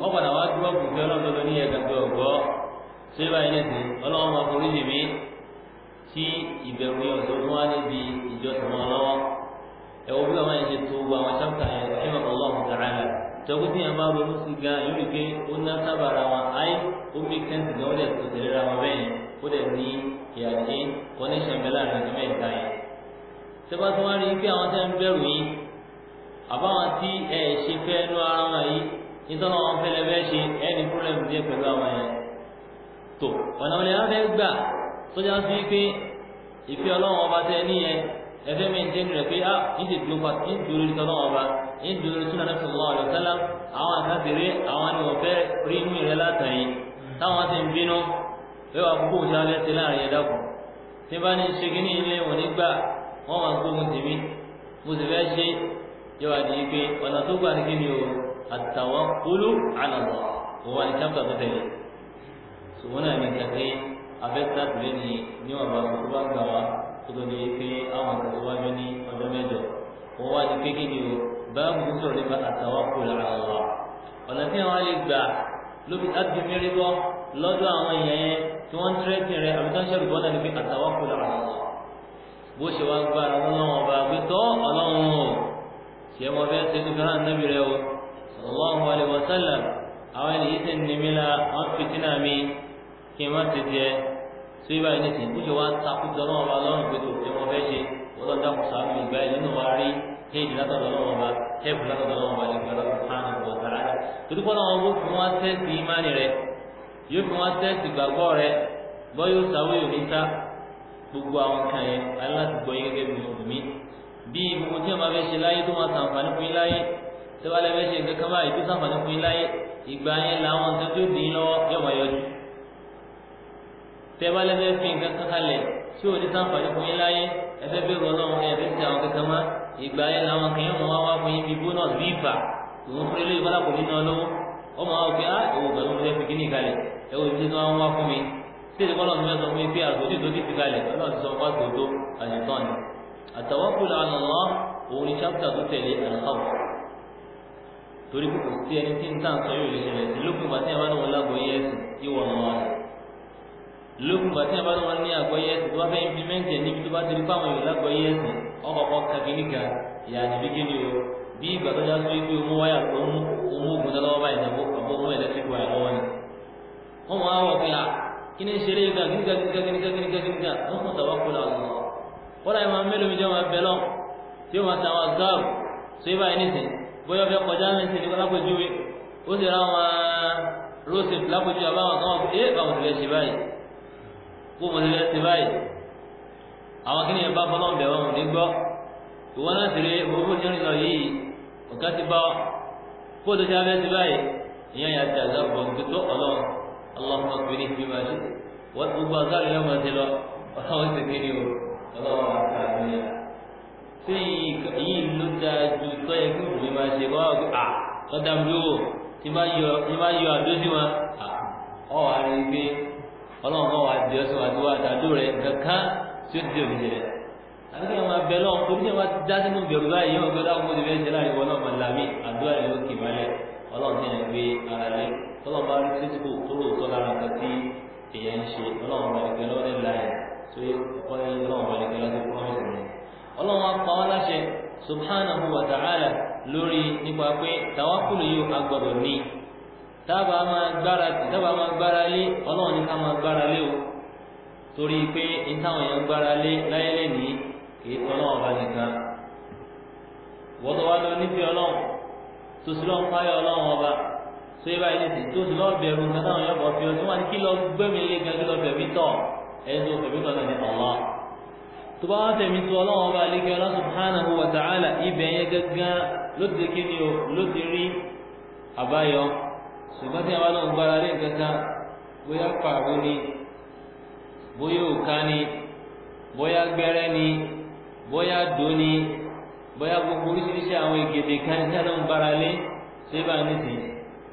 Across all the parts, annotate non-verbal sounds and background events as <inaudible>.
wọ́n padà wá dúró kù pé ọlọ́run tó ní ẹ̀gàgbẹ́ ọ̀gbọ́ ṣé báyìí nìsín ọlọ́run máa forí jì mí tí ìbẹ̀rù yẹn ọ̀dọ́ tó wá níbi ìjọsìn wọn lọ́wọ́ ẹ wo bí wọn máa ń ṣe tó gbogbo àwọn ṣáfùkà yẹn ṣé màkà ọlọ́run tààlà tọ́gbọ́n tí yẹn bá ronú sí gan yóò rí pé ó ná sábàra wọn ayé ó bí kẹ́ǹtì gan ó ra wọn bẹ́ẹ̀ ó dẹ̀ ní ìyàtí kọ́níṣàn àbáwọn tí ẹ̀ ṣe fẹ́ nú ara wọn yìí nítorí àwọn fẹlẹ bẹ ṣe ẹni problem díẹ̀ pẹ̀lú àwọn yẹn tó ọ̀nà òní abẹ́ gbà tó já sí pé ìfẹ́ ọlọ́run ọba tẹ níyẹn ẹfẹ́ mi ń tẹ́nu rẹ̀ pé ah ní ti dúró pàtó ní dúró lórí ọlọ́run ọba ní dúró lórí sunan ẹ̀fọ́ ọlọ́run ọ̀rẹ́ sálá àwọn àkàtẹ̀rẹ́ àwọn ni wọ́n fẹ́ rí inú ìrẹ́ látàyè táwọn ti ń bínú ẹwà púpọ̀ òṣà bẹ́ẹ̀ ti láàrin ẹ̀dá kan tí bá ní ṣe ní ilé wọn nígbà wọ́n máa gbógun tèmi mo sì fẹ́ ṣe yọ̀wá di pé ọ̀nà tó gbà ní kí o àtàwákúlù àlàbọ̀ kò wá ní chapter tó tẹ̀lé so wọn náà ní kàkẹ́ abẹ́tà tìlẹ̀ ní níwọ̀n bá tó bá gbà wá tó tó di pé àwọn ìtẹ̀síwájú ní ọjọ́ mẹ́jọ wọn wá ní kékeré ni o báàbù ń sọ̀rọ̀ nípa àtàwákúlù àlàbọ̀ ọ̀nà tí wọn lè gbà ló fi ágbé mẹ́rin bọ́ lọ́dọ̀ àwọn èèyàn yẹn tí wọ́n ń tẹ́rẹ́tì àbí tó ń ṣe wá náà wọn bá gbé sallallahu alaihi wa sallam àwọn ènìyàn sì ń ní mi la wọn fi sínú mi kí n má ti jẹ tó yẹ báyìí nìsín kó ṣe wá takùtọ̀ náà wà lọ́rùn pé tó ṣe wọn fẹ́ ṣe wọ́n lọ́ọ́ dákun sàánú ìgbà yìí nínú wa rí kéèdì látọ̀dọ̀ náà wọn bá tẹ́ẹ̀bù látọ̀dọ̀ náà wọn bá lè gbà lọ́wọ́ sàánú ìgbà tààrà torí kọ́ náà wọn bó fún wa tẹ́sì ìmánì rẹ yóò fún wa tẹ́sì gbàgbọ́ rẹ bọ́ yóò sàwé òní sá gbogbo àwọn kan yẹn aláàtúgbọ́ yẹn gẹ́gẹ́ bí mùsùlùmí bí gbogbo tí wọn bá fẹ́ ṣe láyé tó wọn sàǹfààní tó bá lẹ́fẹ́ ṣe nǹkan kan báyìí tó sàǹfààní fún yín láyé ìgbà yẹn làwọn nǹkan tó dì í lọ́wọ́ yóò máa yọjú tẹ́ bá lẹ́fẹ́ fi nǹkan kan kalẹ̀ tí ò ní sàǹfààní fún yín láyé ẹfẹ́ bí rọ lọ́wọ́ ẹ̀fẹ́ ti àwọn kankan mọ́ ìgbà yẹn làwọn kan yóò máa wá fún yín bí bónà bí ìfà òun fúnlé lóyún bọ́lá kò ní náà lọ́wọ́ ó máa wọ pé á èwo gbà ló ń fi kíní kalẹ̀ èwo ìdílé tó wá fún mi fún mi torí kò sí ẹni tí ń tàn sọ yóò lè ṣẹlẹ̀ sí lókun bàtí àbá náà wọn lágbóyè ẹ̀sìn ìwọ̀ wọn rẹ̀ lókun bàtí àbá náà wọn ní àgbóyè ẹ̀sìn tó bá fẹ́ implement ẹ̀ níbi tó bá ti rí fáwọn èèyàn lágbóyè ẹ̀sìn ọkọ̀ọ̀kan kàbí níka ìyá àdìbí kí ni o bí ìgbà tó já sí pé owó wáyà tó ń owó oògùn lọ́wọ́ báyìí nàbó àbó owó ẹ̀lẹ́tíríkì wáyà lọ́wọ́ ni wọ́n wọ́n á wọ̀ pé kí ni ṣeré ìgbà gíga gíga gíga gíga gíga wọ́n kún tàwa kó làwọn lọ. wọ́n láyé máa mélòó mi jẹ́ wọn bẹ́ẹ̀ tí ó máa ta àwọn gáàbù tó yẹ báyìí nísìnyí bóyá ọ̀fẹ́ kọjá ní ìsìn nípa lápòjúwe ó sì ra wọn rosin lápòjú àbáwọn kan wọn pé é báwọn ti ṣe báyìí kó mo ti ṣe báyìí àwọn kí ni ẹ̀ bá fọlọ́n bẹ̀ wọn ò ní gbọ́ ìwọ náà sì rí owó tí ó ń lọ yìí ọ̀gá ti bá kó o tó ṣe abẹ́ ti báyìí ìyá yà ti àgbà bọ̀ nítorí tó ọlọ́run ọlọ́run ọkùnrin ní ìgbìmọ̀ àti wọ́n gbogbo àgbà rẹ̀ ti lọ ọlọ́run ti kiri o ọlọ́run àti àgbà tí yìí ń ló da ju tó yẹ kí òbí máa ṣe kọ́ ọ́ à lọ́dà mi lówó tí bá yọ àdójú wọn ọ̀ wá rí i pé ọlọ́run kan wà á di ọ̀sán àti wà á dàdó rẹ̀ kankan tí ó ti di òbí jẹ rẹ̀ àbíkí àwọn abẹ lọ́wọ́ kò ní wọn dá sínú bẹ̀rù báyìí yóò gbé dáhùn kóde bẹ́ẹ̀ ṣe láàrin wọn náà máa làmì àdúrà rẹ̀ ló kì í balẹ̀ ọlọ́run ti yàn gbé ara rẹ̀ ọlọ́run bá rí ọlọ́run apá wọn láṣẹ subhanahu wa ta'ala lórí nípa pé tàwákùlù yóò agbọ̀dọ̀ ní tábà máa gbára tábà máa gbára lé ọlọ́run ní ká máa gbára lé o torí pé ìtàwọn èèyàn gbára lé láyé lẹ́nìí kì í tọ́lọ́ ọba nìkan wọ́n wá lọ nífẹ̀ẹ́ ọlọ́run tó sì lọ́ọ́ páyọ̀ ọlọ́run ọba tó yẹ báyìí nìsí tó bẹ̀rù nǹkan táwọn èèyàn fi ọ tí wọ́n á ní kí lọ gbẹ́mi lé gan kí lọ bẹ̀mí tọ̀ ẹ̀ ń tó bẹ̀mí tọ̀ náà ní ọlọ́run tó bá wá fẹ̀mí tó ọlọ́run ọba àlékè ọlá subhanahu wa ta'ala ibẹ̀ yẹn gángan ló ti kí ni o ló ti rí àbáyọ ṣùgbọ́n tí àwọn ọlọ́run gbára lé nǹkan kan bóyá pàrọ ni bóyá òka ni bóyá gbẹ́rẹ́ ni bóyá dò ni bóyá gbogbo oríṣiríṣi àwọn ìgèdè kan tí àwọn ọlọ́run gbára lé ṣé bá nìsín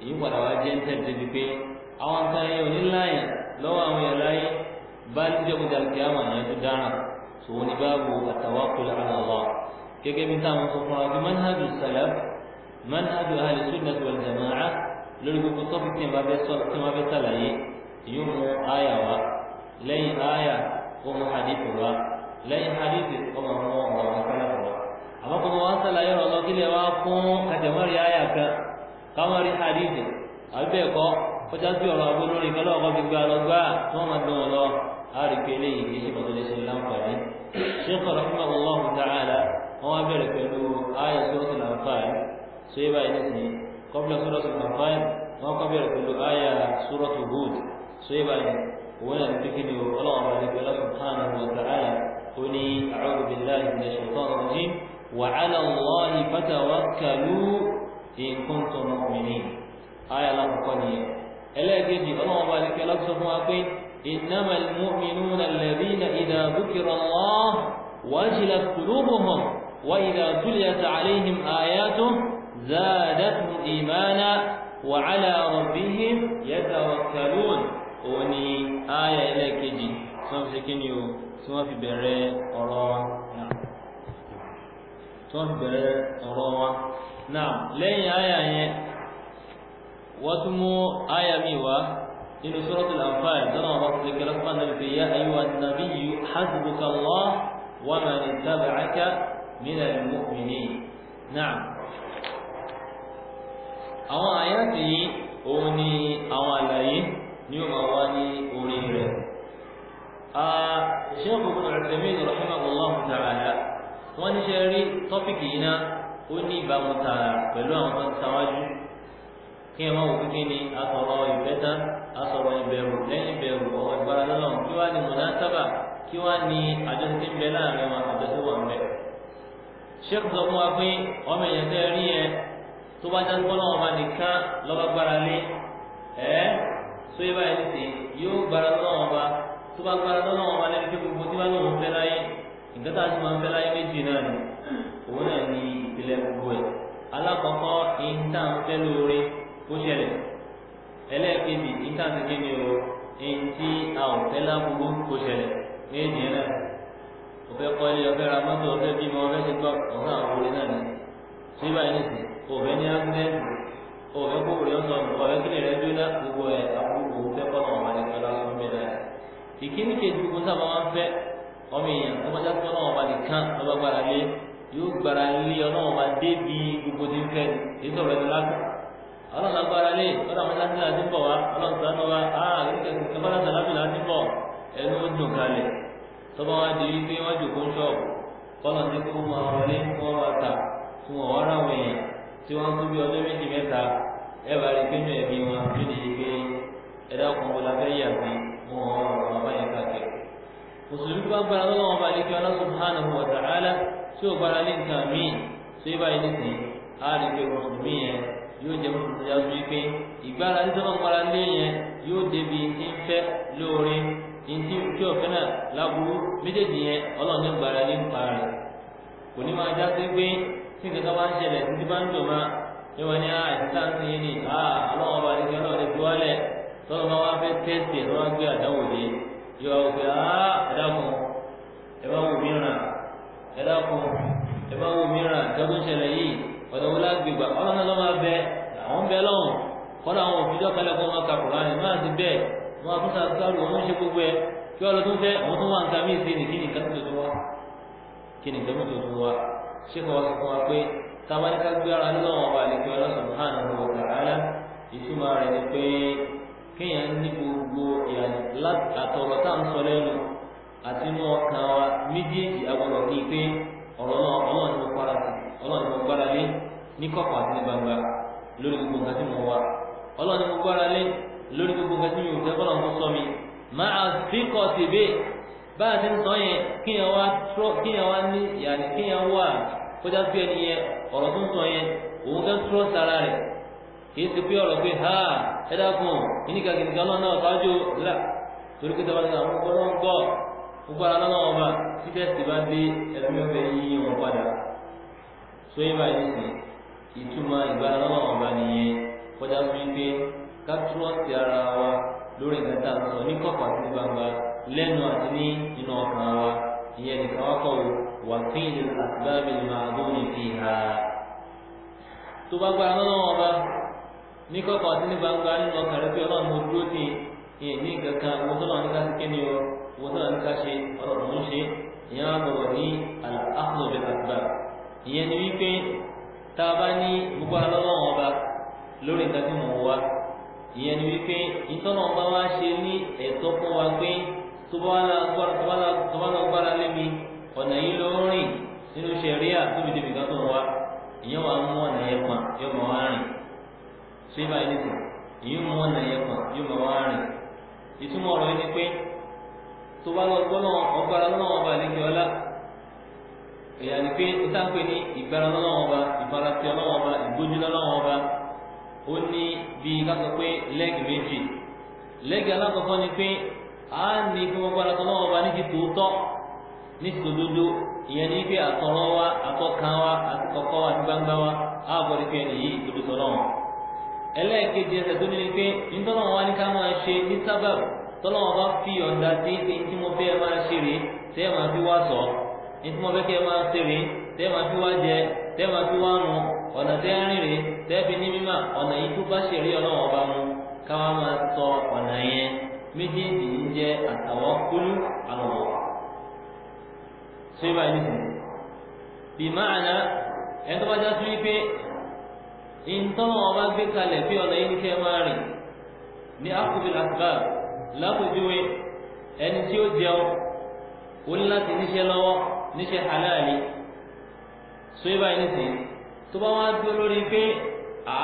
èyí padà wá jẹ́ ń pé àwọn kan yẹn ò ní láyìn lọ́wọ́ àwọn yẹn láyé bá níjọ́ kúta kí á mọ̀ ní ẹ̀tọ́ dáràn sòwò ní báàbò at-tawakkul ala Allah gẹ́gẹ́ bí táwọn sọ fún wa bí manhajú salaf manhajú ahli sunnah wal jamaa'ah lórí gbogbo tọ́pù tí wọ́n bẹ sọ tí wọ́n bẹ sàlàyé yóò mú àyà wa lẹ́yìn àyà ó mú hadith wa lẹ́yìn hadith ó mú àwọn ọmọ ọmọ sálàfù wa. àmọ́ kò mọ wọn sàlàyé ọ̀rọ̀ lọ kílẹ̀ wa fún kàtẹ́mọ́rì àyà kan kámọ́rì hadith àbí bẹ́ẹ̀ kọ́ sí ọ̀rọ̀ àbúrò rẹ̀ kálọ̀ ọkọ̀ gbígbà lọ tí wọ́n máa dùn lọ á rí pé kì í ṣe pàtó lè ṣe láǹfààní sheikh rahimahullah ta'ala wọn wá bẹ̀rẹ̀ pẹ̀lú ayé sọ́ọ̀tù làǹfààní so yé báyìí nísìnyí kọ́bílẹ̀ sọ́ọ̀tù làǹfààní wọn kọ́ bẹ̀rẹ̀ pẹ̀lú ayé sọ́ọ̀tù hud so yé báyìí wọn yà ní kíni o ọlọ́run bá ní pẹ̀lú subhanahu wa ta'ala ó ní a'udhu billahi minash shaitanir rajim wa 'ala allahi fatawakkalu in kuntum mu'minin ayé alákọ̀ọ́kọ́ nìyẹn ẹlẹ́ẹ̀kejì ọlọ́run bá ní pẹ̀lú sọ إنما المؤمنون الذين إذا ذكر الله وجلت قلوبهم وإذا تليت عليهم آياته زادتهم إيمانا وعلى ربهم يتوكلون وني آية إلى كجي سوف سكنيو سوف في بري أروا سوف في بري أروا نعم لين آية وتمو آية ميوه nínú sọ́rọ́tù làǹfààní tọ́nà ọba tó lè kẹlẹ́ fún ànábì pé yá ayé wa nàbí yìí hasbuka Allah wa man ittaba'aka minal mu'minin náà. àwọn àyàtì yìí òun ni àwọn àlàyé ni ó máa wá ní orí rẹ̀. Sheikh Ibn ta'ala wọ́n ní ṣe rí tọ́pìkì yìí náà ó ní ìbámu tààrà pẹ̀lú àwọn tó ń sáwájú asọ̀rọ̀ ìbẹ̀rù lẹ́yìn ìbẹ̀rù ọ̀rọ̀ ìgbára lọ́nà kí wá ní mùnásábà kí wá ní àjọṣe tí ń bẹ láàrin wọn àjọṣe wà ń bẹ. sheikh sọ fún wa pé ọmọ èèyàn tẹ́ rí yẹn tó bá já gbọ́n náà wọn nìkan lọ́ba gbára lé ẹ́ sọ yẹ báyìí nìsín yóò gbára lọ́nà wọn tó bá gbára lọ́nà wọn lẹ́nu pé gbogbo tí wá fẹ́ láyé nǹkan tá a ti máa fẹ́ láyé méjì náà ni òun náà ni ìpìlẹ̀ gbogbo ẹ̀ alákọ̀ọ́kọ́ ìntàn fẹ́ lóore ó ṣẹlẹ̀ ẹlẹ́ẹ̀kejì ìtàǹtẹ̀kẹ́ ni o èyí tí a ò fẹ́ lábúgbó kó ṣẹlẹ̀ méjì náà ọ̀fẹ́ kọ́lé ọ̀fẹ́ ra mọ́tò ọ̀fẹ́ bímọ ọ̀fẹ́ ṣe gbọ́ ọ̀hún àwọn orin náà ni ṣé báyìí nìsín ọ̀fẹ́ ní ángẹ́ẹ̀tì ọ̀fẹ́ kókòrè ọ̀sán ọ̀fẹ́ kílè rẹ dúró lá gbogbo ẹ̀ àbúrò fẹ́ kọ́ náà wàlẹ̀ kọ́lá fún mi náà ìkíní kejì kó sábà máa ń fẹ́ ọmọ èèyàn tó máa jáde ọlọ́wọ́ bá nìkan lọ́ba gbára lé yóò gbára ọlọ́run agbára lé ọlọ́run àwọn sáfìlà ti ń bọ̀ wá ọlọ́run sànú wa àgbàlá sàlámìlà ti ń bọ̀ ẹnu ó dùn kalẹ̀ tọ́ba wa di wípé wọ́n jòkó ń ṣọ́ọ̀bù kọ́lọ̀ ní kó máa wọlé kó máa ta tí wọ́n wọ́n ráwọn èèyàn tí wọ́n tó bí ọdún méjì mẹ́ta ẹ bá rí pínú ẹ̀mí wọn tó ní ike ẹ̀dá ọkùnrin lábẹ́ yà sí mọ́ ọ̀rọ̀ àbáyé káàkiri. mùsùlùmí bá yóò jẹ́ kó tó yàtọ̀ yìí pé ìgbára ní sọ́kàn para lé yẹn yóò débi ní fẹ́ lóore ní tí tí ọ̀fẹ́ náà láburú méjèèjì yẹn ọlọ́run ní gbára ní pa rẹ̀ kò ní máa já sí pé tí nǹkan kan bá ń ṣẹlẹ̀ títí bá ń dùn máa ní wọn ní àìsíta ń sin yín ni ah, ọlọ́run ọba ní kí ọlọ́run ti wọlé tọ́lọ́ máa wá fẹ́ tẹ́sì ẹ̀ lọ́wọ́ gbé àdáwò yìí yọ ọ̀gbẹ́ ah, ẹ̀dàkùn ẹ̀ bá wù mí ràn ẹ̀dàkùn ẹ̀ bá ọ̀nà wọn láti gbà ọlọ́run náà lọ́ máa bẹ àwọn ń bẹ lọ́hùn kọ́dà àwọn òfìjọ́ kalẹ̀ kó máa kàkùrọ̀ àná máa ti bẹ́ẹ̀ wọn àtúnṣe àtúnṣe wọn ṣe gbogbo ẹ kí ọlọ́ tó ń fẹ́ àwọn tó wà ń ta mí sí ni kí ni nǹkan tó tó wá kí ni nǹkan tó tó wá ṣé kò wá sọ fún wa pé tabaríkà gbé ara lọ́wọ́ ọba àlejò ọlọ́sàn hàn ní ọ̀gá rárá ìtumọ̀ rẹ̀ ni pé kéèyàn ọlọ́run mo gbára lé ní kọ̀kọ̀ àti ní gbangba lórí gbogbo nǹkan tí mo wá ọlọ́run mo gbára lé lórí gbogbo nǹkan tí mi ò fẹ́ kọ́ lọ́run sọ mi máa fi kọ́ sí bẹ́ẹ̀ bá a ti ń sọ yẹn kíyàn wá trọ́ kíyàn wá ní yàrá kíyàn wá kọjá sí ẹni yẹn ọ̀rọ̀ tó ń sọ yẹn òun fẹ́ trọ́ sára rẹ̀ kìí ṣe pé ọ̀rọ̀ pé ha ẹ dákun ìníkà kìnìkà lọ́nà ọ̀tájú là torí pé tọ́wọ́n àwọn ọgbọ́n náà gbọ́ gbogbo ara lọ́nà ọba títẹ̀sí bá dé ẹlẹ́mẹ́fẹ́ yí wọn padà so yé bá yẹn sìn ìtumọ̀ ìbáraẹnìwọ̀n ọba nìyẹn kọjá fún yín pé ká túrọ́ọ̀sì ara wa lórí nǹkan tá a sọ ní kọ̀kọ̀ àti gbangba lẹ́nu àti ní inú ọkàn wa ìyẹn nìkan wá kọ̀ wà fún ìlú àtìbáàbí ni màá dún ní fi tó bá gba ẹran ọba ní kọ̀kọ̀ àti ní gbangba nínú ọkàn rẹ pé ọlọ́run mo dúró sí ìyẹn ní kankan wọ́n tó náà sí kéde o wọ́n tó náà ṣe ọlọ́run mo ń ṣe ìyẹn wá gbọ̀gbọ̀ ní àlọ́ ìyẹn ni wípé tá a bá ní gbogbo alọ́lọ́wọ́n ọba lórí nǹkan tí mò ń wá ìyẹn ni wípé ìtọ́nà ọba wa ṣe ní ẹ̀tọ́ fún wa pé tó bá lọ gbára lé mi ọ̀nà yìí ló ń rìn nínú sẹ̀ríà tóbi débi kan tó ń wá ìyẹn wàá mú ọ̀nà yẹn pọ̀n yóò mọ̀ wá rìn ṣé báyìí nìsín ìyẹn mú ọ̀nà yẹn pọ̀n yóò mọ̀ wá rìn ìtumọ̀ ọ̀rọ̀ yẹn ni pé tó bá lọ gbọ́ náà náà ọba àlejò ọlá èyàn ni pé níta ń pè ní ìgbára lọ́wọ́ ọba ìfarasí ọlọ́wọ́ ọba ìgbójú lọ́wọ́ ọba ó ní bíi ká sọ pé lẹ́gì méjì lẹ́gì alákọ̀ọ́kọ́ ni pé a ní kí wọ́n gbára tọ́ lọ́wọ́ ọba ní ti tòótọ́ ní ti tòdodo ìyẹn ni pé àtọ̀rọ̀ wa àtọ̀kan wa àti kọ̀kọ́ wa àti gbangba wa á bọ̀ ní pé ẹni yìí tòdó sọ lọ́wọ́ ẹlẹ́ẹ̀kejì ẹsẹ̀ tó ní ni pé nítọ́lọ́wọ́ wa ní ká máa ṣe ní sábàbù tọ́lọ́wọ́ bá fi ọ̀dà sí ti tí mo fẹ́ ní tí mo fẹ́ kí ma máa ṣe rèé máa fi wá jẹ ma máa fi wá run ọ̀nà tẹ́ rìn rèé fi ní mímà ọ̀nà yìí tó bá ṣe rí ọlọ́run ọba mu káwá máa sọ ọ̀nà yẹn méjèèjì ń jẹ́ àtàwọn kúlú àwọn ọ̀wọ́. ṣé báyìí nìyí bí máa ná ẹni tó bá já sí wípé ìtọ́nà ọba gbé kalẹ̀ bí ọ̀nà yìí ní kẹ́ máa rìn ní lápòjúwe ẹni tí ó jẹun ó ní láti níṣẹ́ lọ́wọ́. níṣẹ́ aláàlí so yíba yìí nìsín tó bá wá dúró lórí pé à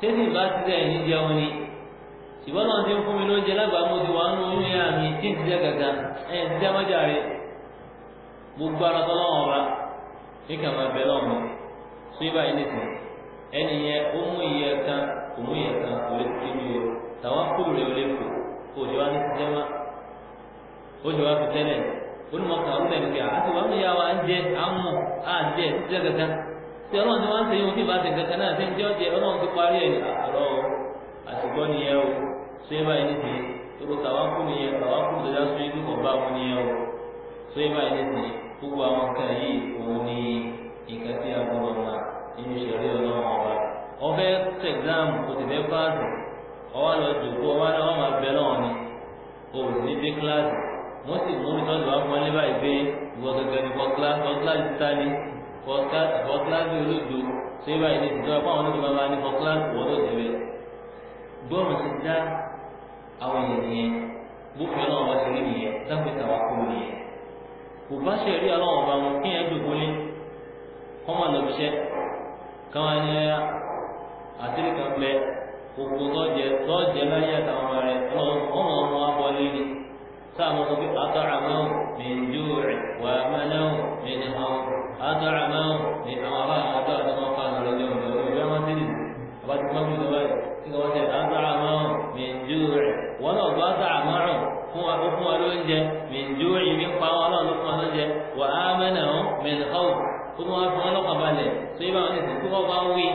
ṣé sì bá ti sẹ́yìn ní jẹun ni ṣùgbọ́n náà ti ń fún mi lóúnjẹ lágbàámu ti wà nù oyún yá mi tí ì ti jẹ́ gàgà ẹ̀ ti jẹ́ mọ́jà rẹ̀ gbogbo ara tó lọ́wọ́ ọba ní kà máa bẹ lọ́mọ so yíba yìí nìsín ẹni yẹn ó mú iye kan kò mú iye kan kò lè ti mi o tàwa kúrò rẹ̀ ò lè fò kò jọ wá ní ti jẹ́ mọ́ ó jọ wá fi tẹ́lẹ̀ òun mọ̀ kàn ọ́n bẹ̀rẹ̀ pé àti wàá múyà wa ń jẹ àmọ̀ àjẹ jẹ́ kankan tí ọlọ́run ti wá ń sẹ́yìn òun tí ìbá ṣe kankan náà ṣe ń jẹ́ ọ̀jẹ̀ ọlọ́run ti parí ẹ̀ àlọ́ àṣìgbọ́ nìyẹn o ṣé báyìí nìsín nìyẹn ni tí a gbọ́dọ̀ mà nínú ìṣẹ̀lẹ̀ ọlọ́run ọba ọfẹ́ tẹ̀gbáàmù kò sì fẹ́ páàsì ọwọ́ lọ ni òun wọ́n sì mú mi tọ́jú wá fún ẹlẹ́bà ìgbé ìwọ gẹ́gẹ́ ní kọ́kílá kọ́kílá ìtàlí kọ́kílá bí olóòjò ṣé báyìí ní ìdíjọba fún àwọn oníṣẹ́ bàbá ní kọ́kílá wọ́n ló dé bẹ́ẹ̀. gbọ́rọ̀ ti dá àwọn èèyàn nìyẹn gbófin ọlọ́run bá ṣe rí nìyẹn dáfẹ́ta wá kúrò nìyẹn. kò bá ṣe rí ọlọ́run bá wọn kí ẹ dògbólé kọ́mọ lọ́bíṣẹ́ káwọn ẹni táwọn sọ pé at'amahu min ju'i wa amanahu min hawd at'amahu ní àwọn ará àwọn ọjọ́ àti wọn fáwọn ọlọ́jọ́ ìgbàlódé ìgbà wọn ti nìyí àbá ti máa ń gbé lọ́wọ́ yìí kí wọ́n ṣe at'amahu min ju'i wọn náà bá at'amahu fún wa fún wa lóúnjẹ min ju'i mi pa wọn náà ló fún wa lóúnjẹ wa amanahu min hawd ó tún wá fún wọn lọ́kàn balẹ̀ tó yẹ báwọn ẹ̀sìn tí wọ́n bá ń wí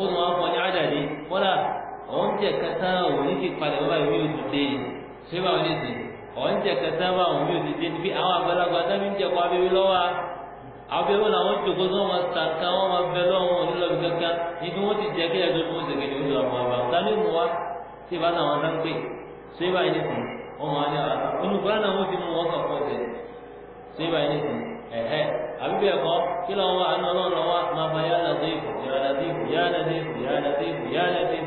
ó tún wá fún ọ ní àdàdé kọ́lá àwọn oúnjẹ kẹta òní ti padà wọ́n báyìí wí òtún dé tó yẹ báwọn ẹ̀sìn ọ̀njẹ kẹta bá wọn mi ò ti dé níbi àwọn àgbàlagbà náà mi ń jẹkọ abẹ́wé lọ́wọ́ abẹ́wé làwọn jòkó tó wọn sàkà wọn máa bẹ lọ́wọ́ wọn nílò bí kankan ibi wọn ti jẹ kí ẹ̀dọ́ tó ń sèké ní oṣù àwọn àbá tani mu wa tí ìbá náà wọn dáńgbé ṣé ìbá yìí nìsín wọn máa ní ara ah, olùkọ́ náà wọn ti mú wọn kàn fún ọ̀sẹ̀ ṣé ìbá yìí nìsín ẹ̀hẹ́ àbíbí ẹ̀kọ́ kí lọ́wọ́ àná ọlọ́run lọ́wọ́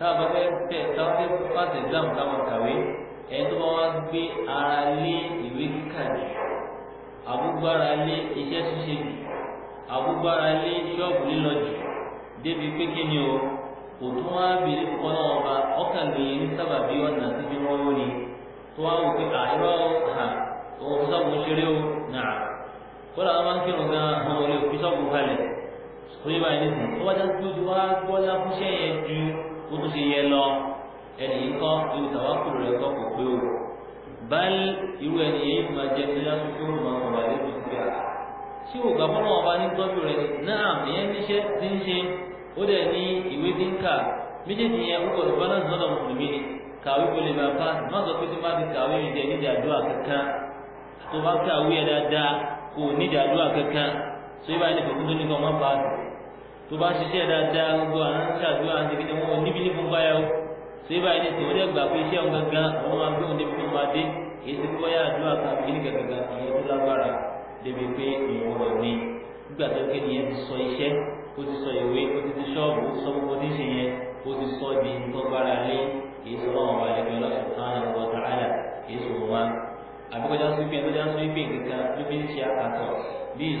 tá a bá fẹ́ fẹ́ tá a fẹ́ pass exam táwọn kàwé ẹni tó bá wá gbé ara lé ìwé kíkà jù àbúgbára lé iṣẹ́ ṣíṣe jù àbúgbára lé ṣọ́ọ̀bù lílọ jù débi pé kí ni o kò tún wá béèrè fún ọ ọba ọkàn lèyìn ní sábàbí ọ̀nà síbi wọn ó ní tó wá wò pé àìrọ̀ hàn òun sọ́ọ̀bù ṣeré o nà kódà wọn máa ń kírun gan àwọn olè òfin sọ́ọ̀bù kalẹ̀ tó báyìí nìkan tó wájà tó ti wá gbọ́dá fúnṣẹ́ yẹn ju ó tún ṣe yẹ lọ ẹnì yìí kọ́ irú tàwákùrù rẹ̀ kọ́ kò pé o báyìí irú ẹni yìí máa jẹ pé láti tó máa ń wà lẹ́nu sí à ṣé o gbà fọlọ́ ọba ní tọ́jú rẹ̀ náà ìyẹn níṣẹ́ ti ń ṣe ó dẹ̀ ní ìwé ti ń kà méjèèjì yẹn ó gbọ́dọ̀ balance lọ́dọ̀ mùsùlùmí ni kàwé kò lè máa pass má sọ pé tí má ti kàwé mi jẹ nídìí àdúrà kankan tó bá kàwé ẹ dáadáa kò nídìí àdúrà kankan so ibà ní kòkó tó ní kọ́ má pass tó bá ṣiṣẹ́ dáadáa gbogbo àwọn ṣàdúrà àti kíni wọn ò níbi ní fúnpá yà ó ṣé báyìí ní tòun dẹ́gbà pé iṣẹ́ òun gangan àwọn máa gbé òun débi tó máa dé èyí tí wọ́n yà àdúrà kan àbí kíní gangan ìyẹn tó lágbára débi pé ìwọ̀n rẹ̀ ní nígbà tó ké ni ẹ ti sọ iṣẹ́ ó ti sọ ìwé ó ti ti ṣọ́ọ̀bù ó ti sọ gbogbo oníṣe yẹn ó ti sọ di tọ́gbára lé èyí sọ wọn wà lẹ́gbẹ̀ẹ́ lọ́sùn tán àwọn ọ̀tá àyà èyí sọ wọn àbíkọ́jà sọ ibi ẹ̀ lọ́jà sọ ibi nǹkan tó fi ń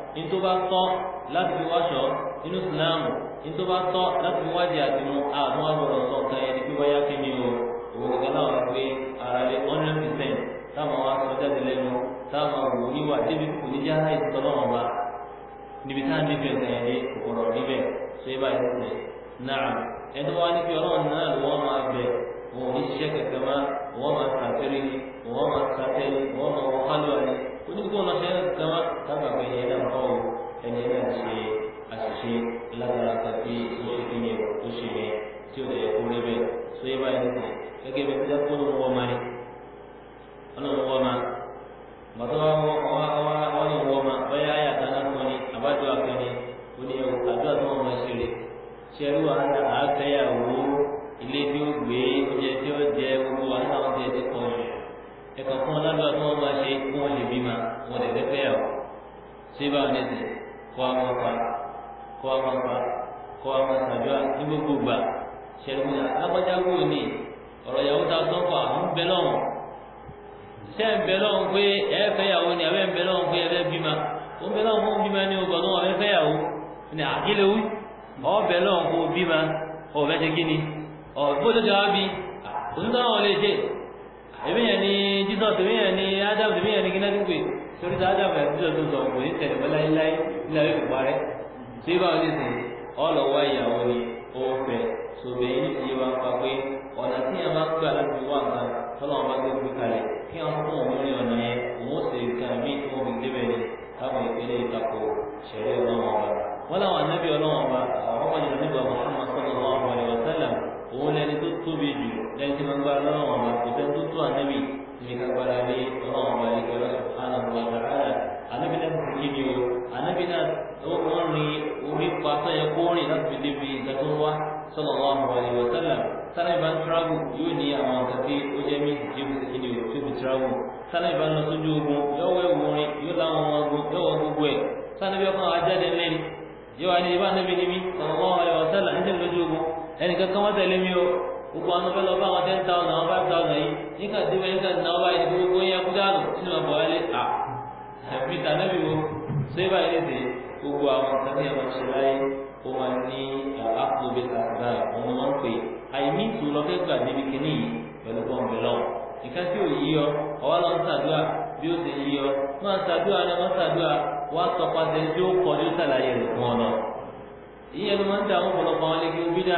nítorí bá tọ́ láti fi wáṣọ nínú ìsìláàmù nítorí bá tọ́ láti fi wájẹ àtinú àwọn agbọ̀dọ̀ sọ nǹkan yẹn ni pé kí ni o òwò gẹ́gẹ́ láwọn pé ara lé hundred percent táwọn wá sọ jáde lẹ́nu táwọn wò níwà débi kò ní já láì sọ lọ́wọ́ wa níbi táwọn níbi ẹ̀sẹ̀ yẹn dé kòkòrò níbẹ̀ ṣé báyìí ṣe náà ẹni wá ní kí ọlọ́run náà lọ́wọ́ máa bẹ̀ wọ́n ò ní ṣiṣẹ́ kẹ̀kẹ́ onídìgbò náà ṣe ń gan wọn lágbàgbọ́ ẹni náà kọ́ ọ ẹni náà ṣe àṣìṣe lágbára tàbí oṣù kìíní oṣù mi tí ó lè kó lébẹ̀ tó yẹ báyìí nìkan gẹ́gẹ́ bí ẹgbẹ́ kó lóun wọ́n máa ní ọlọ́run wọ́n máa bàtà wọn wọ́n máa báyà àyàtà lásán ni àbájọ àkànni oníyẹwò àdúrà tó wọn máa ṣe rè ṣe ẹrú àgbẹ̀yàwó ilé tí ó gbé oúnjẹ tí ó jẹ ẹ̀kọ́ fún ọlọ́dọ̀ tí wọ́n máa ṣe kí wọ́n lè bímọ wọ́n lè fẹ́ fẹ́ yàwó ṣé bá wọn ẹsẹ̀ kọ́ ọmọ pa kọ́ ọmọ pa kọ́ ọmọ sàdúrà ní gbogbo gbà ṣẹlẹ̀ lágbájá kúrò ní ọ̀rọ̀ yàwó ta sọ́n fà ń bẹ lọ́wọ́ ṣé ń bẹ lọ́wọ́ pé ẹ fẹ́ yàwó ni àbẹ́ ń bẹ lọ́wọ́ pé ẹ fẹ́ bímọ ó ń bẹ lọ́wọ́ fún bímọ ni ọgbọ̀n náà ẹ fẹ́ yàwó ni àkílẹ̀ wí bẹ lọ́wọ́ fún bímọ ọ̀ ṣe kí ni ọ̀ èmi yẹn ni jesus èmi yẹn ni adam èmi yẹn ni gínáàdì pé torí sọ adam àti jesus tó sọ kò ní tẹ̀lé mọ́ láéláé nílẹ̀ yóò fipá rẹ̀ ṣé báwo ní sè ọlọ́wọ́ ìyàwó ni ó fẹ́ sọ̀rọ̀ yìí ti yé wa ń pa pé ọ̀nà tí yẹn máa ń gbà láti wá nǹkan tọ́lọ́wọ́n bá gbé gbé kalẹ̀ kí wọ́n fún òun ní ọ̀nà yẹn òun ó sì nǹkan míì tí wọ́n fi dé bẹ̀ ni táwọn ìpínlẹ̀ ìtakò ṣẹ̀rẹ̀ ọlọ́wọ́n ọba wọn làwọn ẹni tó tóbi jù lẹ́yìn tí wọ́n gbá lọ́wọ́ ọ̀la kò sẹ́ni tó tó ànábì níbi ká gbára lé ọlọ́wọ́ ọba ìgbà lọ́sùn hàn àwọn ọ̀la rárá ànábì náà ti kí ni o ànábì náà wọ́n rin orí pa tó yẹ kó rìn láti fi débi ìgbà tó ń wá sọ̀rọ̀ wọn àwọn ọ̀la ìwọ̀ sálà sálà ìbá ń tíráàbù yóò ní àwọn ọ̀gá tí ó jẹ́ méjì tí ó ti ní o tó fi tíráàbù sálà ìbá lọ sójú ogun yóò wẹ̀ yóò láwọn ogun yóò gbogbo ẹ̀ sálà ìbá kan ajáde ẹnìkan kan wọ́n tẹ̀lé mi o gbogbo àwọn fẹ́ lọ bá wọn ten thousand wọn five thousand yìí nígbà tí wọ́n yẹn kàn náà gbogbo yẹn kú dànù sínú ọ̀bọ̀ wọlé à ẹ̀mí tànàbí wo ṣé báyìí lè gbogbo àwọn kan ní ẹ̀ma ṣe láyé wọ́n máa ní àpòbí àgbà wọn máa ń pè àìmí ìṣòro kẹ́gbà níbi kíní yìí pẹ̀lú tí ò yí ọ lọ ń bí ó ni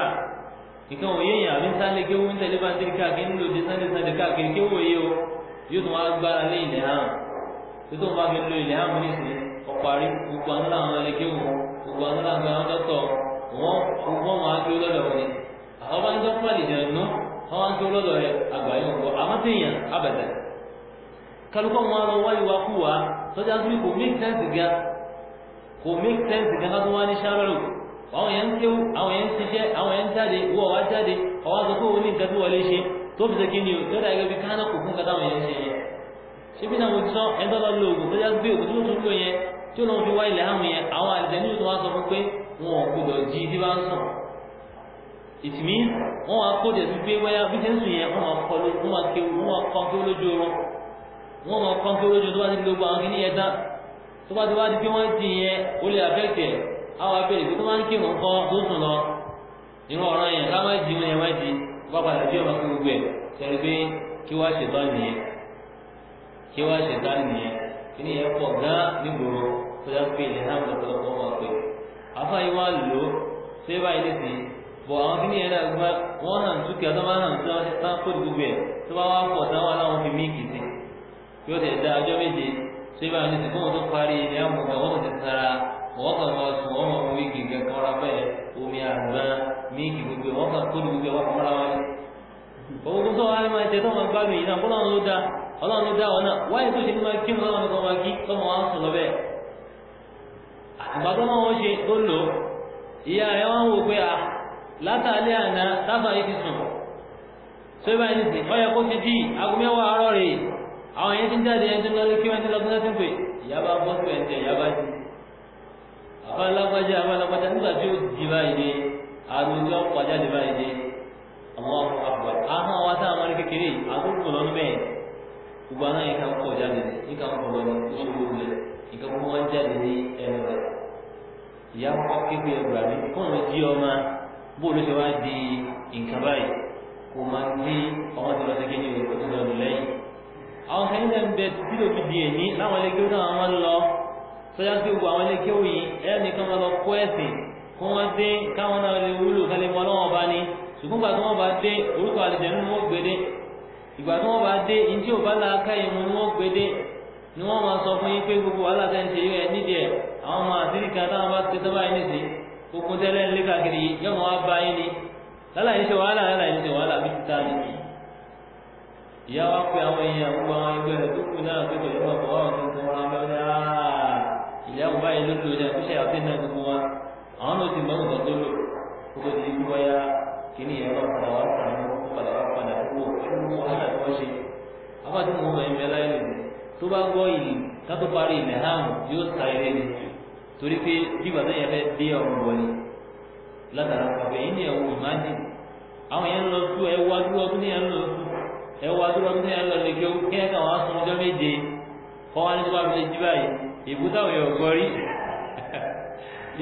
nǹkan òye yẹn àbí nsá lè kéwú nsá lè bá ń tẹ̀lé káàkiri ńlò dé sáńdé sáńdé káàkiri kéwú òye o yóò tún wá gbára lé ilẹ̀ hàn tó tó ń bá fi lo ilẹ̀ hàn ní ìsìn ọ̀parí gbogbo àwọn làwọn lè kéwú gbogbo àwọn àwọn dọ́tọ̀ wọn wọn máa kí lọ́dọ̀ wọn ni àwọn bá ń tọ́ fún àlejò ẹ̀nu wọn máa kí lọ́dọ̀ rẹ àgbáyé wọn àwọn tí èèyàn abẹ̀tẹ̀ kálukọ́ wọn lọ wáyé wa kú wa tọ́jà tó make sense gan kò make sense gan ká tó wá àwọn yẹn ń kéwú àwọn yẹn ń ṣiṣẹ́ àwọn yẹn ń jáde wọ́n wá jáde ọwọ́ sọ pé òun ní nǹkan tó wọlé ṣe tó fi ṣèkí ni o tó dàgbé bí káná kò fún kátàwọn yẹn ṣe yẹn ṣébí náà mo ti sọ ẹni tó lọ lo oògùn tó já gbé oògùn tó tún lò yẹn tí ó lọ fi wá ilẹ̀ àwọn yẹn àwọn àlìjẹ́ ní ìtò wá sọ fún pé wọn ò gbọdọ̀ jí bí bá ń sùn it wọn wá kó dẹ̀ wípé wáyà bí tẹ́ ń sùn yẹn wọn máa kọ́ wọn wọn máa kọ́ lójú oorun wọn máa kọ́ lójú tó tó bá ti wá àwọn abẹ́rẹ́ tó máa ń kí wọn kọ́ tó sùn lọ ìwọ̀n ọ̀ràn yẹn ká má wọn yẹn má jí wọ́n padà bí ọmọ gbogbo ẹ̀ sẹ́ni pé kí wá ṣètọ́ nìyẹn kí wá ṣètọ́ nìyẹn kí ni yẹn pọ̀ gán nígboro tó yẹ pé ilẹ̀ náà lọ́pọ̀lọpọ̀ wọn pé afa yìí wá lò ó ṣé báyìí lèsì bọ̀ àwọn kí ni yẹn náà wọ́n hàn túkẹ́ tó bá hàn tán tó bá wá wọ́n kàn lọ sùn wọ́n mọ̀ fún wíìgì nǹkan kan ra bẹ́ẹ̀ omi àgbọn míìkì gbogbo wọ́n kàn kó gbogbo wọ́n kàn mọ́ra wọn ni. sọ máa ń tẹ tó wa ń sùn lọ bẹ́ẹ̀. àgbà tó máa wọ́n ṣe ó lò ó ìyá rẹ̀ wọ́n wò pé à látàlẹ́ àná tábà yìí ti sùn abalagbadza abalagbadza nígbà tí ó di báyìí ni àrùn tí wọn kọjá di báyìí ni àwọn àpò ahọ́n wa tá a máa ní kékeré àkókò lọ́nu bẹ́ẹ̀ gbogbo aná yìí ká ń kọjá ní ní ká ń kọ lọ́nu tó ṣe wọ́n lẹ̀ nǹkan fún wọn jáde ní ẹnu rẹ̀ ìyá kọ́ kékeré ẹgbà mi kó wọn di ọmọ bó ló ṣe wá di nǹkan báyìí kó máa gbé ọmọ tó lọ sí kékeré o tó lọ lẹ́yìn àwọn kan ní ẹ̀ ń bẹ tí ló fi di èmi láwọn ẹlẹgbẹ́ náà wọn lọ sọjá pé gbogbo àwọn eléyìí kéwì ẹ̀yà nìkan máa lọ kó ẹ̀sìn kó wọ́n dé káwọn náà lè wúlò kálí mọ́ ọlọ́wọ́n bá ní ṣùgbọ́n gbà tí bá dé orúkọ àlejò nínú wọn gbèdé ìgbà tí wọ́n bá dé ìdí ò bá la káyé mu ni wọ́n gbèdé ni wọ́n máa sọ fún yín pé gbogbo wàhálà tẹ́ ń ṣe yóò ẹ̀ nídìí ẹ̀ àwọn ọmọ àtìrí kan táwọn bá ti sábà yín nìsí gbogbo tẹ́lẹ̀ ń lé káàkiri yóò máa bá yín ni lálàyé ń ṣe wàhálà lálàyé ń ṣe wàhálà bí ti ta ni ìyá wa pe àwọn èèyàn gbogbo àwọn ẹgbẹ́ rẹ̀ tó kù náà pé pẹ̀lú ọ̀pọ̀ àwọn tó ń sọ wọn abẹ́rẹ́ áá ìyá bàbá yẹn ló lò ní àtúnṣe àti náà gbogbo wa àwọn ló ti mọ nǹkan tó lò gbogbo ti kú báyà kíní yẹn lọ padà wá padà wá padà wá padà wó ẹnu wàhálà tó ṣe àbájú mọ ẹ̀mí aláyé lòdì tó bá gbọ́ ìlú kátó parí ilẹ̀ hàn yóò sa eré ni torí pé bíbà tó yẹ fẹ́ dé ọ̀run ni ẹ̀wọ̀n ìmájì àwọn yẹn lọ sùn ẹwà dúró ọdún ní yẹn lọ ìbú táwọn èèyàn gbọ́ rí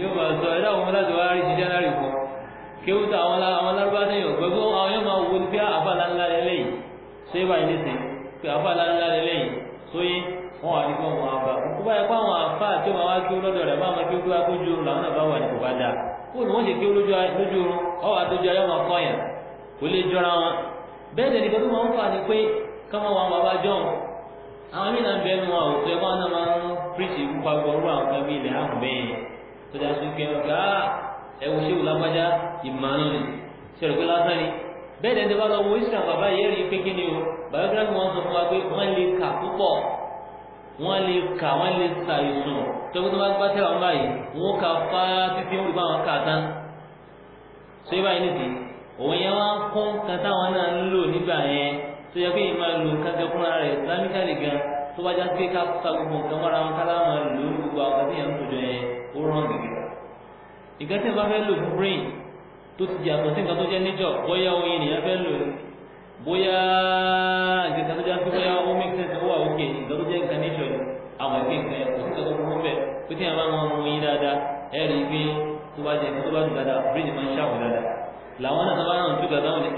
yóò máa sọ ẹ̀dá àwọn ọmọláṣọ wa rí ṣiṣẹ́ lárí fún kéwù tó àwọn lárúbá náà yóò gbẹ́gbọ́ àwọn yóò máa wo bí abala ah, ńlá lẹ́lẹ́yìn ṣé báyìí nìsín pé abala ńlá lẹ́lẹ́yìn sóyè wọn wà ní kí wọn máa bá kó báyìí pé àwọn àfa àti ọmọ wa kí lọ́dọ̀ rẹ̀ máa kí wọ́n kó ju làwọn náà bá wà ní kò bá dáa kó ni wọ́n ṣe kí lójú oorun ọwọ́ àtọ́jú ayé ọmọ kọ́yàn kò lè jọra wọn bẹ́ẹ̀ àwọn míì náà bẹ́ẹ̀ mú àwùjọ ẹgbẹ́ wọn náà máa ń pírìtì púpà gbọ́rú àwọn kan bí ilẹ̀ ààrùn bẹ́ẹ̀ tó dáa sí pé ọ̀gá ẹ̀wù ṣéwù lágbájá ìmọ̀ràn ni ṣẹlẹ̀ pé lásán ni bẹ́ẹ̀ lẹ́ni bá lọ wo ìsìlẹ̀ bàbá yẹ́ rí pé kí ni o biography wọn sọ fún wa pé wọ́n lè kà púpọ̀ wọ́n lè kà wọ́n lè ṣàìsùn tó kí wọ́n bá tẹ̀wọ̀n báyìí wọ́n kà fá títí wọ́n bá wọn kà tán ṣé báyìí nìsín òun yẹn wá kún kan táwọn náà ń lò nígbà yẹn tó yẹ kí ìmọ̀ lò kankan fúnra rẹ̀ islamically gan tó bá já sí ká fa gbogbo nǹkan mọ́ra wọn ká láwọn lò ó gbogbo àwọn tí yẹn ń tòjọ yẹn ó rán gègé ìgbà tí wọn bá fẹ́ lò fún brain tó ti yàtọ̀ sí nǹkan tó jẹ́ níjọ́ bóyá oyin nìyẹn fẹ́ lò bóyá nǹkan tó jẹ́ sí bóyá ó make sense ó wà òkè nǹkan tó jẹ́ nǹkan níjọ́ àwọn ẹgbẹ́ nǹkan yẹn kò sí nǹkan tó kún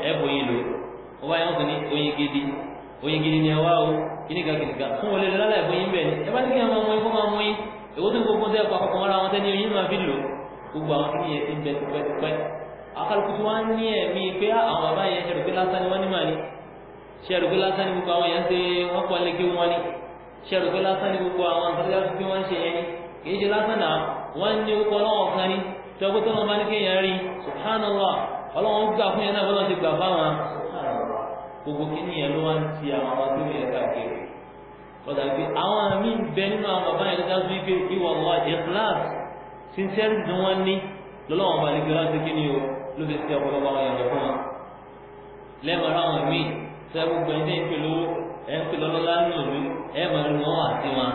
bẹ́ẹ̀ pé tí wọ́n bá yẹn wọ́n ní oyin gidi oyin gidi ni ẹ wá o kíní kan kíní kan fún wọlé lọ́la ẹ̀ bóyin bẹ́ẹ̀ ni ẹ bá ní kí ẹ máa mú ikú máa mú yín èwo tó ń gbogbo tẹ́ ẹ̀kọ́ àkọ́kọ́ ara wọn tẹ́ ní oyin máa fi lò gbogbo àwọn kíní yẹn ti ń bẹ tipẹ́tipẹ́ akalukutu wa ní ẹ̀mí pé ah, àwọn bàbá yẹn ṣẹ̀rù pé lásán ni wọ́n ní màní ṣẹ̀rù pé lásán ni gbogbo àwọn yẹn ṣe wọ́n pọ̀ lékè wọn ni ṣẹ̀rù pé lásán ni gbogbo àwọn nǹkan tí wọ́n ṣe yẹn ni kì í ṣe lásán náà wọ́n ní orúkọ ọlọ́wọ́ kan ni tọ́gbọ́tọ́ lọ́ba ní kéèyàn rí subhanallah ọlọ́wọ́n gbà fún yẹn náà bọ́lá ti gbà fáwọn gbogbo kíní yẹn ló wá ń ti àwọn ọmọ tó yẹ káàkiri kọ́dà pé àwọn àmì ń bẹ nínú àwọn bàbá yẹn lọ́dá sí pé ìwà wà ikhlas sincere ni wọ́n ní lọ́lọ́wọ́n bá nìkan láti kíní o ló fi ṣe ọ̀pọ̀lọpọ̀ àwọn èèyàn fún wọn. lẹ́mọ̀ọ́rọ́ àwọn àmì sọ gbogbo ẹni ń pè lówó ẹ̀ ń pè lọ́lọ́lá nínú ìlú ẹ̀ máa ń wọ́n àti wọn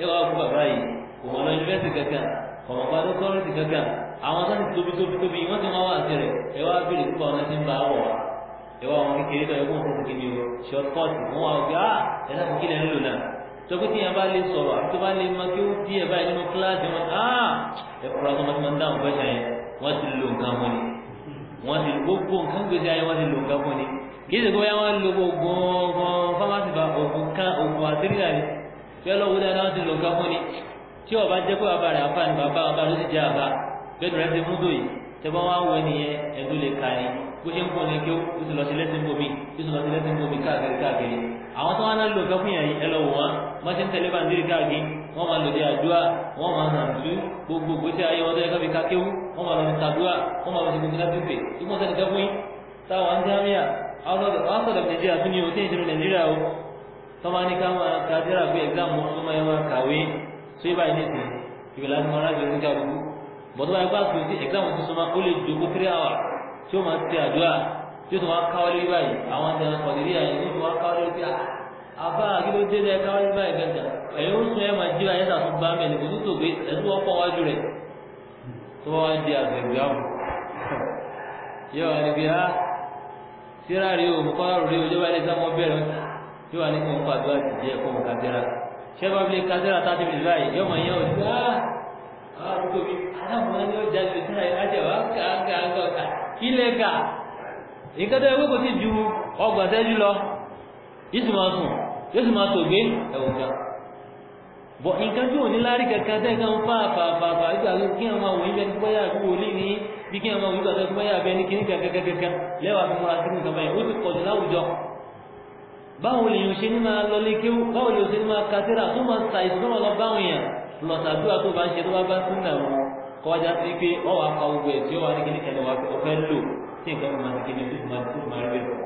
ẹ̀ wá kú bàbá yìí kò mọ̀ lọ yunifásitì kankan kò mọ̀ pa dókítọ́rì kankan àwọn sáà ti tóbi tóbi tóbi wọ́n ti máa wà àti rẹ̀ ẹ̀ wá bèrè fún àwọn tí ń bá wọ̀ wá ìwọ àwọn kékeré náà ẹgbọn fún kí ni o ṣọtọọtì wọn wà ọgbẹ ah ẹlẹ fún kí lẹ ń lò náà tọkí tí yẹn bá lè sọ̀rọ̀ àbí tó bá lè máa kí ó bí ẹ báyìí nínú kíláàsì wọn ah ẹ kúrò àwọn ọmọdé máa ń dáhùn bẹ́ẹ̀ yẹn wọ́n ti lo nǹkan fún ni wọ́n ti gbogbo nǹkan gbèsè ayé wọ́n ti lo nǹkan fún ni kì í ṣe gbogbo wọn lo gbogbo fámásì bá oògùn kan oògùn àtẹ́rìlà ni tí wọ́n lọ wọlé aláwọ̀ ti lo nǹkan fún ni tí wọ́n bá jẹ́ pé bàbá rẹ̀ àfa ni bàbá bàbá ló ti jẹ́ àbá bẹ́ẹ̀ ni rẹ̀ ti mú dòyìí tẹ́ bá wá wọ ẹnìyẹn ẹ̀dùn lè ka ni bó ṣe ń kó ní kí ó ti lọ sí lẹ́sìn bòmí ó ti lọ sí lẹ́sìn bòmí káàkiri káàkiri àwọn tó wọn náà lò kán fún yàn yìí ẹ lọ wò wọn wọn ṣe ń tẹ̀lé bàǹdírì káàkiri wọn máa lòdì àdúrà wọn máa hàn tú gbogbo gbèsè ayé wọn tó yẹ káfí kákéwú wọn máa lòdì tàdúrà wọn máa lòdì gbogbo láti pè ìgbọ́n sẹ́ni kẹ́fún yín táwọn ń jámíà àwọn sọ̀rọ̀ nàìjíríà tún ní o tí ìṣirò nàìjíríà o tọ́mọ ní ká máa ka díra pé ẹ̀gbáàmù tó máa máa kàwé tí ó máa ti àdúrà tí ó tún máa káwọ́ lórí báyìí àwọn ti àwọn kọ̀dìrí àyìn tí ó tún máa káwọ́ lórí báyìí àbá àgbélé dé dé káwọ́ lórí báyìí gàdà ẹ̀yìn ó sún ẹ̀ máa jí ayé tàbí bá mi ẹ̀lẹ́kùn tó tògbé ẹ̀sùn ọkọ̀ wájú rẹ̀ tó bá wá di àgbègbè àwọn. Ah, yóò wá níbi ha síra rí o kọ́ rí o jọba ẹlẹ́sà mọ́ bẹ̀rẹ̀ yóò wá ní kó ń kó àwọn tóbi aláwòrán ni ó jáde tí àjẹ wá kàńkà ńkà ọ̀tà ilẹ̀ kà nǹkan tó yẹ kó kò sí ju ọgbọ̀n sẹ́jú lọ yìí sì máa sùn yóò sì máa tògbé ẹ̀wọ̀n kan bọ̀ nǹkan tí ò ní lárí kankan tẹ́ kan fà fà fà fà nígbà tó kí àwọn àwọn ìbẹ́ni tó báyà àdúgbò lé ní bí kí àwọn ìgbà tó tó báyà abẹ́ni kí ní kankankankan lẹ́wà fún múra sí nǹkan báyìí ó ti pọ̀jù láwùjọ báwo lèèyàn ṣe ní máa lọ lé kéwú báwo lèèyàn lọ́sàdúrà tó bá ń ṣe tó bá bá súnà wọn kọ́ wájá sí pé ọ wà pa gbogbo ẹ̀ tí ó wà ní kíní kẹlẹ́ wà pé ọ fẹ́ lò tí nǹkan mi máa ti kíní tó máa tó máa rí bẹ́ẹ̀.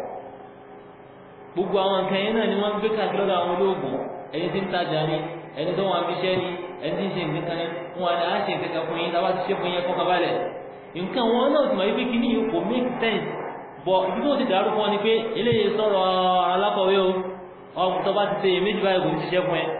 gbogbo àwọn nǹkan yẹn náà ni wọ́n ń gbé káàkiri lọ́dọ̀ àwọn olóògùn ẹni tí ń tajà ni ẹni tó wọn afiṣẹ́ ni ẹni tí ń ṣe nǹkan ni wọn á ṣe nǹkan fún yín táwa ti ṣe fún yín kọ́kọ́ balẹ̀ nǹkan wọn náà ti mọ̀ wípé kíní yìí kò make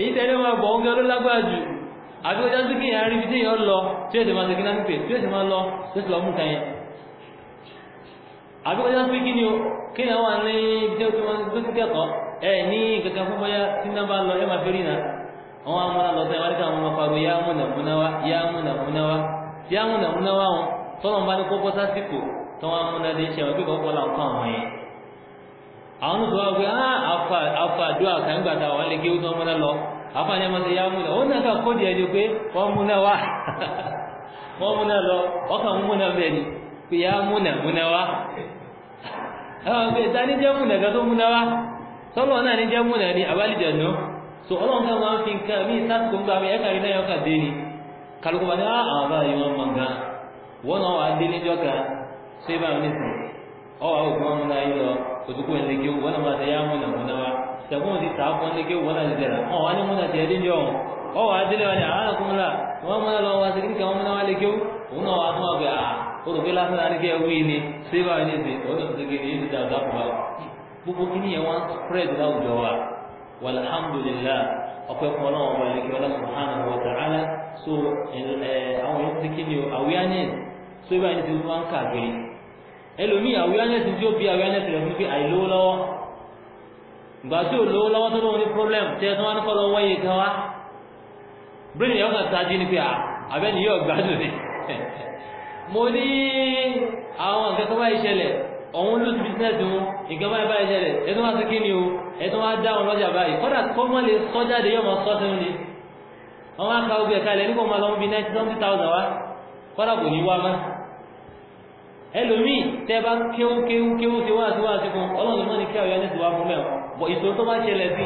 èyí tẹ́lẹ̀ máa bọ̀ oúnjẹ ló lágbára jù àbí ó dájú kí ìyàrí ibi tí èèyàn lọ tí èsì máa ṣe kíná pípé tí èsì máa lọ tí èsì lọ mú kan yẹn àbí ó dájú kí ni o kí èèyàn wà ní ibi tí ó tó ti kẹ́kọ̀ọ́ ẹ ní kankan fún bóyá tí náà bá lọ ẹ máa náà àwọn amúnà lọ sẹ́yìn wá ní káwọn ọmọ yá yá àwọn olùkọ́ wa pé afa àdúrà kàńgbà tá àwọn lè gé wọn mọ́ná lọ afa ni wọn ti yá múlẹ̀ wọn náà kà kó di ẹni pé wọn múná wá wọn múná lọ wọn kà múná bẹ́ẹ̀ ni pé yá múná múná wá àwọn pé ta ni jẹ́ múná kátó múná wá sọ́lọ́ náà ni jẹ́ múná ni àbálìjẹ̀ nù so ọlọ́run ká máa ń fi nǹkan mí sásìkò gbà mí ẹ̀ka iná yọkà dé ni kálukú bá ní àwọn bá yìí wọn mọ̀ gan wọn náà wà á dé níjọ́ kan ṣé bá mi nìsín ọ òtúkú ẹ̀ lẹ́gẹ́ wọn náà máa tẹ̀yà múnà múnà wa tẹ̀kún ti tàá fún lẹ́gẹ́ wọn náà lẹ́gẹ́ rà ọ̀ wá ní múnà tẹ̀ ẹ́ díjọ́ ọ̀hún ọ̀ wá délé wọn ni àwọn àkùnrin rà wọn múnà lọ wá sẹ́kìrì kan múnà wá lẹ́gẹ́ òun náà wá fún ọgbẹ́ àà olùgbé lásán náà lẹ́gẹ́ wí ni sèbá ní ìsìn òun náà sẹ́kìrì ní ìsìn dàgbà fún wa gbogbo kíní yẹn wọn spread láwùjọ wa walhamdulillah ọpẹ́ fún Ọlọ́run ọba ẹlẹkẹ ọlá subhanahu wa ta'ala so ẹ àwọn yẹn ti kí ni so ìbáyìí ti fún wa ń ẹlòmíì awareness tí ó bí awareness rẹ̀ fún pé àìlówó lọ́wọ́ ìgbà tí ò lówó lọ́wọ́ tó lóun ní problem tẹ́ tó wá ní kọ́lọ́ wọ́n yé kan wá brain yẹn kan sáájú ni pé àbẹ́ni yóò gbádùn ni <laughs> mo ní àwọn nǹkan kan báyìí ṣẹlẹ̀ ọ̀hún lose business wọn nǹkan báyìí báyìí ṣẹlẹ̀ ẹ̀tún wá sí kí ni o ẹ̀tún wá dá wọn lọ́jà báyìí kọ́dà kọ́mọ́ lè sọ jáde yóò máa sọ sínú ni wọ́n wá ka ogun ẹ̀ka ilẹ̀ nígbà wọn máa lọ bí ninety something thousand wá kọ́dà kò ní wá mọ́ ẹlòmíì tẹ́ kéwú kéwú kéwú ti wá sí fún ọlọ́run mọ́ kí ọ̀yọ́ ní ti wá fún mẹ́wọ́ bọ̀ ìṣòro tó bá ṣẹlẹ̀ sí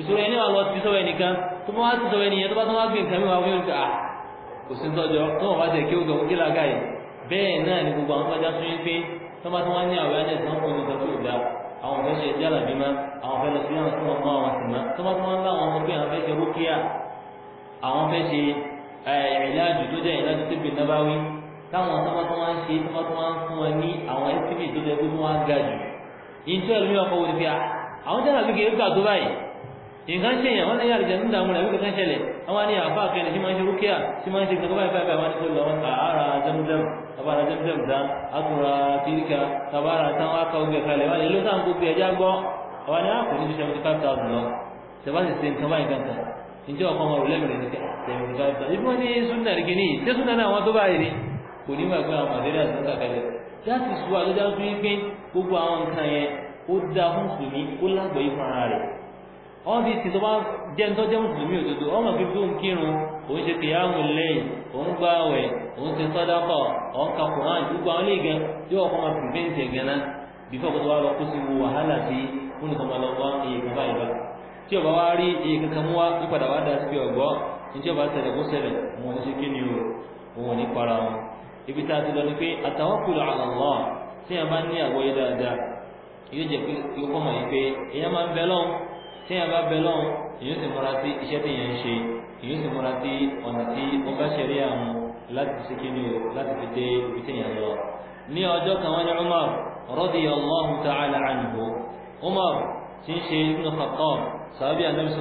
ìṣòro ẹni wà lọ sí sọ́wọ́ ẹnìkan tó bá wá sí sọ́wọ́ ẹnìyẹn tó bá tó wá gbé nǹkan mìíràn wọ́n yóò ah, kò sí tọ́jọ́ tó wọ́n bá tẹ̀ kéwú tó kí lága yìí bẹ́ẹ̀ náà ni gbogbo àwọn fẹ́já tún yín pé tó ní àwọn fẹ́ táwọn tọ́mọ́ tó wọ́n ń ṣe tọ́mọ́ tó wọ́n ń fún wọn ní àwọn ẹ́sìmì tó lẹ́gbẹ́ tó wọ́n ń ga jù yìí tó ẹ̀rọ ọkọ̀ wòlíì bíi àwọn tẹ́lẹ̀ àbí kìí gbà tó báyìí nǹkan ṣe yàn wọ́n lẹ́yìn àlejò ní ìdààmú rẹ̀ wípé kan ṣẹlẹ̀ àwọn ní àfa akẹ́ni tí máa ń ṣe rúkìá tí máa ń ṣe nǹkan báyìí báyìí àwọn tó lọ wọn kà ah, ara jẹmújẹm tabara jẹmújẹm dá àtúrà kìríkà tabara táwọn aka ogun ẹ̀ka ilẹ̀ wọn lè ló sáà ń gbogbo ẹja gbọ́ àwọn ni àpò ah, níbi seventy five thousand lọ sèbáṣe ṣe nǹkan báyìí kankan ǹjẹ́ ọkọ̀ wọn lẹ́mìrì ní ah, seventy five ní sunna rìgìní ṣé sunna náà wọn tó báyìí ni kò ní wà pé àwọn màdínà tó ń kàkàlẹ̀ that is why ló dájú yín pé gbogbo àwọn nǹkan yẹn ó da fún mùsùlùmí ó lágbọ̀ yìí fún ara rẹ̀ all jẹ́ mùsùlùmí òdodo fi kírun òun ṣe lẹ́yìn òun òun ṣe òun ka gbogbo àwọn kọ́ máa náà lọ kó sí wo wàhálà sí fún lọ wá iye kan báyìí tí ọba rí iye kankan mú wá dá ibi tá a ti lọ ni pé àtàwọ́kùlù àlọ́ tí a bá ní àgbọ́yé dáadáa yóò jẹ́ pé yóò kọ́ mọ̀ yìí pé èèyàn máa ń bẹ lọ́hùn tí a bá bẹ lọ́hùn èèyàn sì múra sí iṣẹ́ tí èèyàn ń ṣe èèyàn sì múra sí ọ̀nà tí wọ́n bá ṣe rí àwọn láti ṣe kí ni o láti fi dé ibi tí èèyàn lọ. ní ọjọ́ kan wọ́n ní Umar radiyallahu ta'ala anhu Umar tí ń ṣe ibn Khattab sàbí anabi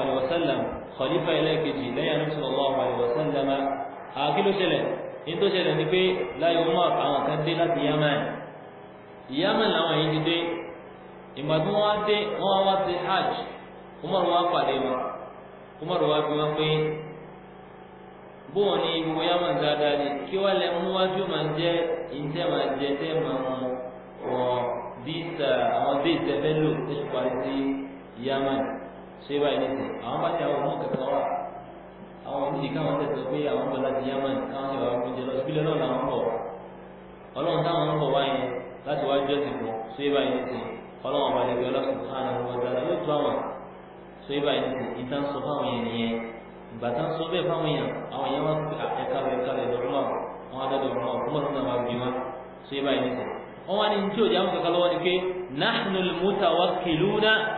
alayhi wa sallam khalifa ní tó ṣẹlẹ̀ ni pé láyé Umar àwọn kan dé láti Yaman Yaman làwọn yìí ti dé ìgbà tí wọ́n dé wọ́n wá sí hajj Umar wá pàdé wọn Umar wá bí wọ́n pé bóun ni gbogbo Yaman dáadáa ni kí wọ́n lẹ mú wájú máa jẹ́ ìtẹ́ máa jẹ tẹ́ máa mú wọn díìtà àwọn díìtà fẹ́ lò tó ṣe parí sí Yaman ṣé báyìí nìyẹn àwọn bá ti àwọn ọmọ kẹta wà àwọn ọmọdé káwọn tẹsán pé àwọn ọmọ láti yámán káwọn sì wàá oúnjẹ lọ síbílẹ̀ náà làwọn bọ̀ ọlọ́run táwọn ń bọ̀ wáyé láti wá jẹ́ ti bọ̀ sí ibà yìí ti ọlọ́run ọba lẹ́gbẹ̀ẹ́ ọlọ́sùn kan àwọn ọmọ ìgbàlá yóò tó àwọn sí ibà yìí ti ìtàn sọ fáwọn yẹn nìyẹn ìgbà tá ń sọ bẹ́ẹ̀ fáwọn yẹn àwọn yẹn wá ẹ̀ka rẹ̀ ẹ̀ka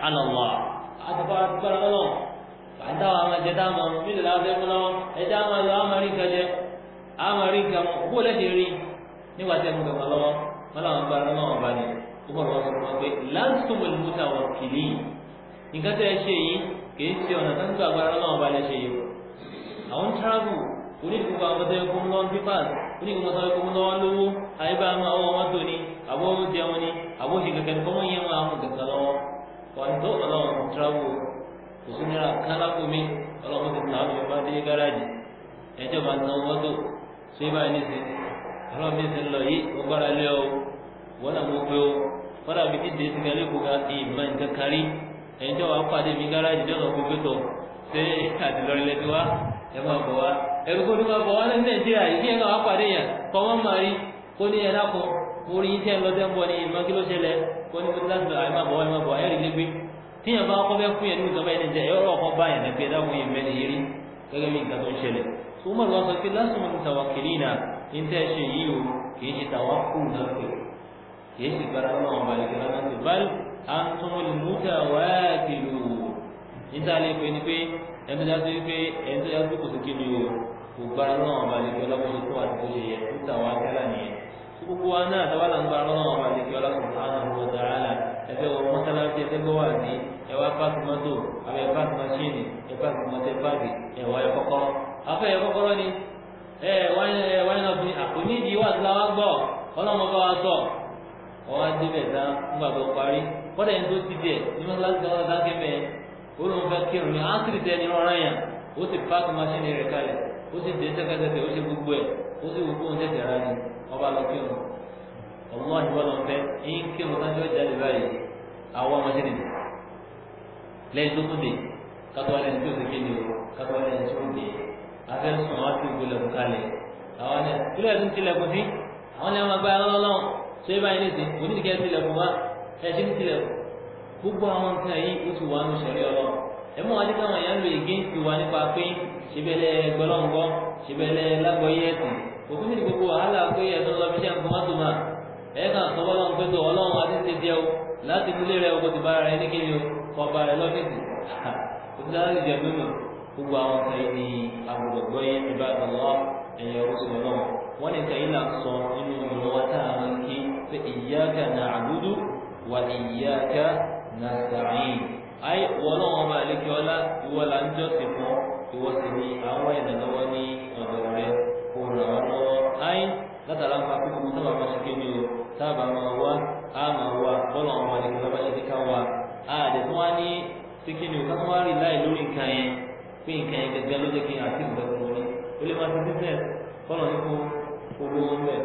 náà máa bí wọn àtà àwọn ẹ̀jẹ̀ tá a mọ̀ mílò láwọn fẹ́ Amerika je, Amerika, àwọn ẹ̀jẹ̀ àwọn arí nǹkan jẹ àwọn arí nǹkan kó lẹ́sẹ̀ rí nígbà tẹ́ mú kankan lọ́wọ́ wọn làwọn bá lọ́wọ́ wọn bá ní ó bọ̀ lọ́wọ́ sọ pé láǹsọ̀mọ̀ ìlú ta wọ̀ kìlì nǹkan tẹ́ ẹ ṣe yìí kì í ṣe ọ̀nà tó ń gbà agbára lọ́wọ́ bá lẹ ṣe yìí àwọn travel onígbogbo àwọn tó yẹ kó ń lọ pípàs onígbogbo tó yẹ kó ń lọ lówó àyíbá máa wọ wọn tó ni àbó jẹun ni àbó ṣe kẹkẹ kọ́mọ yẹn wọn àwọn kẹkẹ lọ́wọ́ kọ́ńtò ọlọ́run travel kò sí nira kálákò mi ọlọ́mọ ti tàn án bá dé gáràjì ẹjọ́ máa tan mọ́tò ṣé báyìí ní sè ọlọ́mọ mi ti lọ yìí mo gbára lé o wọ́n náà mo gbé o kọ́dà mi ti dé sí kẹ́lẹ́ kó ga ti ìmọ̀ nǹkan kárí ẹjọ́ wa pàdé mi gáràjì dọ́nà kó gbé tọ̀ ṣé àdìlọ́rẹ́lẹ́ ti wá ẹ máa bọ̀ wá ẹ̀rú kó ní máa bọ̀ wá ní nàìjíríà ìdí kí ló tíyàn bá kọ́ bẹ́ẹ̀ fún yẹn ní ìjọba ẹni jẹ ẹ̀rọ ọkọ̀ bá yẹn lẹ́pẹ́ dáhùn yẹn mẹ́rin yìí rí gẹ́gẹ́ bí nǹkan tó ń ṣẹlẹ̀ tó mọ̀ lọ sọ pé lásìmọ̀ ní tàwákìlì náà ní tẹ́ ẹ ṣe yìí o kì í ṣe tàwa kù kì í ṣe gbára náà wọn balẹ̀ kẹ́lá náà báyìí à ń tún lè mú tà wá níta lè pe ni pé ẹni tó yàtọ̀ kò sí kí ni o kò gbára náà wọn balẹ̀ kẹ́lá bó ṣe tó àti bó ṣe yẹ wọn balẹ̀ kẹ́lá ẹ wá pààkì mọ́tò àbí ẹ pààkì mọ́ṣíìnì ẹ pààkì mọ́tò ẹ pààkì ẹ ẹ kọ́kọ́rọ́ ẹ ni ẹ wáyé náà fún mi àkóníjì wà tí wàá gbọ́ ọlọ́mọ bá wa sọ ọwọ́ adébẹ̀ dá ńgbà tó parí kọ́dà ẹni tó ti dẹ̀ ní wọn láti dáwọ́ dákẹ́ mẹ́ olóhùn fẹ́ kírun ní tẹ ní yẹn ó ó sì dé ó sì gbogbo lẹ́yìn tó tó dé kátó lẹ́yìn tó tó kéde o kátó lẹ́yìn tó dé afẹ́ sùn wá sí ìgbélẹ̀kùn kalẹ̀ àwọn ẹ̀ kílẹ̀ tó ń tilẹ̀kùn sí àwọn ẹ̀ máa gba ẹ̀rọ lọ́wọ́ tó yẹ báyìí nìsín oníṣìkẹ́ tilẹ̀kùn wá ẹ̀ ṣe tilẹ̀kùn gbogbo àwọn nǹkan yìí ó ti wà ní ìṣẹ̀lẹ̀ ọlọ́ ẹ mọ̀ wá ní káwọn èèyàn lo ègé ti wà nípa pé ṣẹbẹ̀lẹ̀ gbọ́lọ́ngbọ́ ṣẹbẹ̀lẹ̀ lágbọ́yé ẹ̀sìn òkú sí gbogbo wàhálà pé ẹ̀sán lọ́bíṣẹ́ nǹkan mọ́tò máa ẹ̀ẹ́kan sọ bọ́lọ́ngbẹ́tò ọlọ́run àti ṣe díẹ̀ o láti ilé rẹ ọkọ ti bá ara rẹ ní kíni kọ bá rẹ lọ́fíìsì òkúta láti jẹ mímọ gbogbo àwọn kan yìí ni àgbọ̀gbọ̀ yẹn ti bá ọlọ́ ẹ̀yẹ oṣù náà wọ́n ní kan yìí sọ nínú ìrànwọ́ tá a ń kí pé iyyaka na'budu wa iyyaka nasta'in ayé wọ́n náà wọ́n bá lékè ọlá ìwọ là ń jọ́sìn fún ìwọ ni àwọn ìdàgbọ́ ní ọ̀dọ̀ rẹ kò ràn wọ́n lọ́wọ́ ayé látara ń pa pé kò sábà máa ṣe kéde o sábà máa wá á máa wá bọ́lá ọmọ ní kíkọ́ bá ṣe ní ká wá á àdè tó wá ní sí kí ni o káwọn wá rí láì lórí nǹkan yẹn pé nǹkan yẹn gẹ́gẹ́ ló jẹ́ kí n àti ìgbà tó wọlé o lè máa ṣe business bọ́lá ní kó owó wọn bẹ̀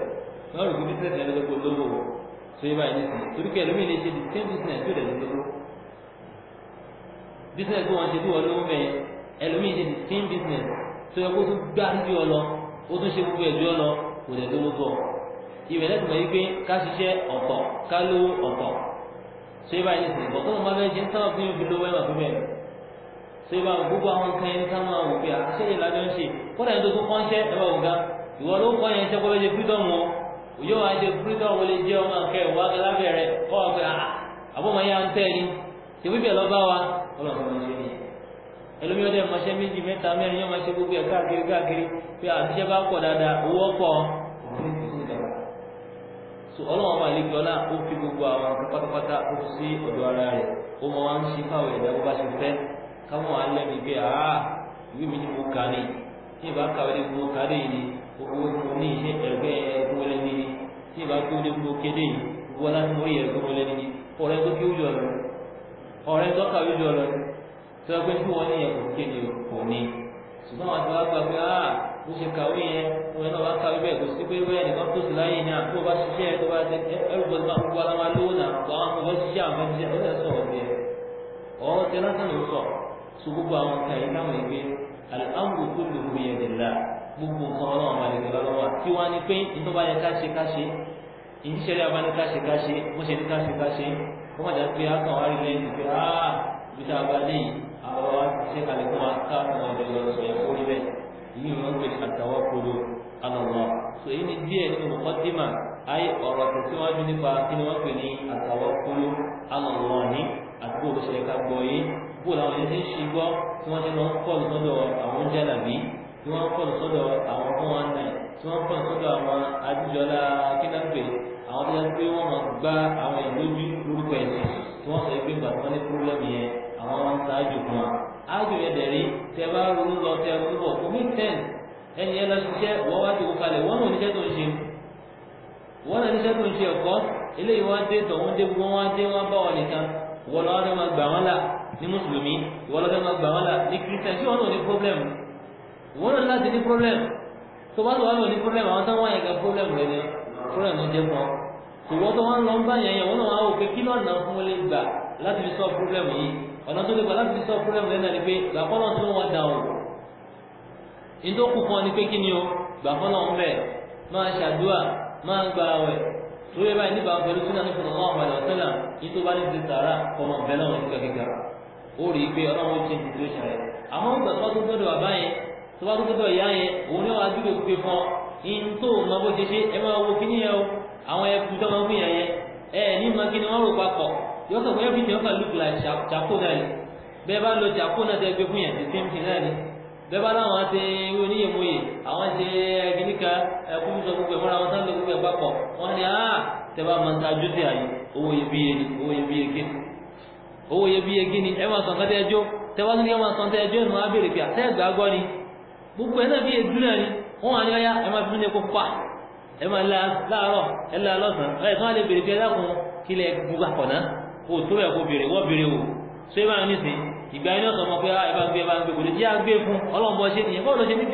náà rí business yẹn lọ́dọ̀ kó o tó yẹ báyìí nísìnyí torí kẹ́ lómi lè ṣe the same business tó dẹ̀ lówó business tó wọn ṣe tó wọn lówó bẹ́ẹ̀ ẹlòmíì ṣe the same business tó yẹ kó tó gbá ju ọ lọ ó tún ṣe gbogbo ẹ̀jú ọ lọ kò lè lólógó ibẹ̀ lẹ́sìn mọ̀ yí pé ká ọ̀pọ̀ ká ọ̀pọ̀ ṣé báyìí ní sìn bọ̀tọ́ máa bẹ́ẹ̀ jẹ́ sábà fún yóò fi lówó ẹ̀wà fún bẹ́ẹ̀ ṣé báyìí gbogbo àwọn nǹkan yẹn ká máa wò pé ah, àṣẹ yìí lájọ ń ṣe kódà yẹn tó tún kọ́ńṣẹ́ ẹ̀ bá wò gan ìwọ ló kọ́ yẹn ṣẹ́ kó fẹ́ ṣe fídọ̀mù òjò wa jẹ́ ọmọ ah, ọ ẹlòmí ọdẹ mọṣẹ méjì mẹ́ta mẹ́rin yóò máa ṣe gbogbo ẹ káàkiri káàkiri pé àtijọ́ bá pọ̀ dáadáa owó pọ̀ so ọlọ́run ọba àlejò ọlá ó fi gbogbo àwọn pátápátá ó fi sí ọ̀dọ̀ ara rẹ̀ ó mọ wá ń ṣe fáwọn ẹ̀dá bó bá ṣe fẹ́ káwọn wà lẹ́mìí pé àá ìwé mi ni mo kà ní tí ìbá kàwé ní mo kà dé yìí owó tí mo ní iṣẹ́ ẹ̀gbẹ́ ẹ̀gbọ́n lẹ́ni ni tí ìbá ni ọ̀rẹ́ tó kí ó yọ̀ lọ ọ̀rẹ́ tó tó yẹ pé tí wọ́n ní ẹ̀kọ́ kéde kò ní ṣùgbọ́n àwọn àgbà gbà pé ah bó ṣe kàwé yẹn wọn náà bá kàwé bẹ́ẹ̀ kò sí pé wẹ́ẹ̀ nìkan tó sì láyé ní àpò bá ṣiṣẹ́ tó bá ṣe ẹrù bọ́sí máa gbogbo ara máa lówó náà àwọn àwọn ọmọ ṣiṣẹ́ àwọn ọmọ ṣiṣẹ́ ó lè sọ̀rọ̀ bí ẹ ọ̀hún ti lásán ló sọ so gbogbo àwọn nǹkan yìí táwọn ìgbé aláwọ̀ tó lè wù yẹn lè la gbogbo nǹkan ọlọ́run máa lọ́wọ́ àwọn wa ṣe kalẹ̀ fún wa káàkiri wọn lọ sọ yẹ kó rí bẹ́ẹ̀ yìí wọn gbé àtàwọn kodo alọ́wọ́ so èyí ni díẹ̀ ní olùkọ́ dìímà ayé ọ̀rọ̀ tẹ̀síwájú nípa kí ni wọ́n pè ní àtàwọn kodo alọ́wọ́ ní àti bó ṣe ká gbọ́ yé bó làwọn yẹn ti ń ṣe gbọ́ tí wọ́n ti lọ ń kọ́ọ̀lù sọ́dọ̀ àwọn jálàbí tí wọ́n ń kọ́ọ̀lù sọ́dọ̀ àwọn fún wọn náà tí wọ́n ń kọ́ọ̀lù sọ́dọ̀ àwọn adújọ́lá kínápè àwọn tó yẹ pé wọ́n máa gbá àwọn ìlójú lórúkọ ẹ̀sìn tí wọ́n sọ pé gbàgbọ́n ní pírọ́blẹ́mù yẹn àwọn wọn ṣáájú fún wa ájò yẹn dẹ̀rí tẹ bá ronú lọ tẹ ronú bọ̀ kò ní tẹ́ǹ ẹni yẹn lọ ṣiṣẹ́ wọ́n wá jòkó kalẹ̀ wọ́n náà níṣẹ́ tó ń ṣe wọ́n náà níṣẹ́ tó ń ṣe ẹ̀kọ́ eléyìí wọ́n á dé tọ̀hún dé wọ́n á dé wọ́n bá wọn nìkan wọ́n lọ́wọ́ fẹ́ máa gbà wọ́n là ní mùsùlùmí wọ́n lọ́wọ́ fẹ́ máa gbà wọ́n là ní kírísítẹ̀ tí wọ́n náà ní pọ́blẹ́mù wọ́n náà láti ní pọ́blẹ́mù ọ̀nà tó lè gbà láti sọ fúrẹ́mù lẹ́nà ni pé gbàkọ́lọ́ tó wọ́n dà o ìdókù kan ni pé kí ni o gbàkọ́lọ́ ń bẹ̀ máa ṣàdúrà máa gba àwẹ̀ torí báyìí nípa pẹ̀lú sínú àti sọ̀rọ̀ máa wàlẹ̀ ọ̀tẹ́là yìí tó bá ní ti sàrà ọmọ ọ̀bẹ náà ní kíkàkíkà ó rí i pé ọlọ́run ó ṣe situation rẹ̀ àmọ́ ń gbàgbọ́ tó gbọ́dọ̀ bàbá yẹn tó bá tó gbọ́dọ̀ ìyá yẹn òun ni wàá dúró pé fún ọ in tó yóò kọ̀ bóyá fídíò kan lùkù láì ṣàkó náà ni bẹ́ẹ̀ bá lo ṣàkó náà tẹ́ gbé fún yẹn ti tẹ́ǹtì náà ni bẹ́ẹ̀ bá láwọn ṣe oníyèmóye àwọn ṣe ẹgbẹ́ni kan ẹkún sọ gbogbo ẹ̀ mọ́ra wọn sáré gbogbo ẹ̀ papọ̀ wọ́n ní á tẹ́ bá máa ń ta ajú sí àyè owó iyebíye ni owó iyebíye gíní owó iyebíye gíní ẹ máa sàn kátẹ́ ẹjọ́ tẹ́ bá tún ní ẹ máa sàn tẹ́ ẹjọ́ ìmọ̀ abèrè pé àtẹ́ ẹ̀gbá gbọ́ ni gbogbo ẹ̀ náà bí edu náà ni wọ́n wà ní ọyá ẹ máa fi mí ní ẹkọ pa ẹ máa láàárọ̀ ẹ láàárọ̀ ẹ tán á lè bèrè pé ẹ dákun kí lẹ gbúgbà kọ̀ náà kò tó yẹ kó béèrè wọ́n béèrè o so ìbára nísìn ìgbà iná sọ ma pé ah, ẹ bá gbé ẹ bá gbé kò lè jẹ́ àgbé ko ọlọ́mọbọ ṣe nìyẹn bọ́ọ̀lù ṣe ní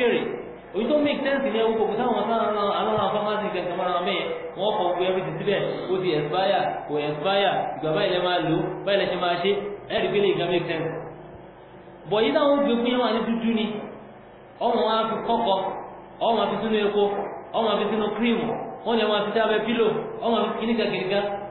make sense ní ẹwú kòkòtà wọn sáà alára fámásì kẹsàn-án mọ́ra mẹ́ẹ̀ wọ́n kọ gbé ẹbí títí bẹ́ẹ̀ ó ti expire kò expire ìgbà báyìí lẹ máa lò báyìí lẹ make sense. ni ọmọ wa fi ọmọ fi epo ọmọ fi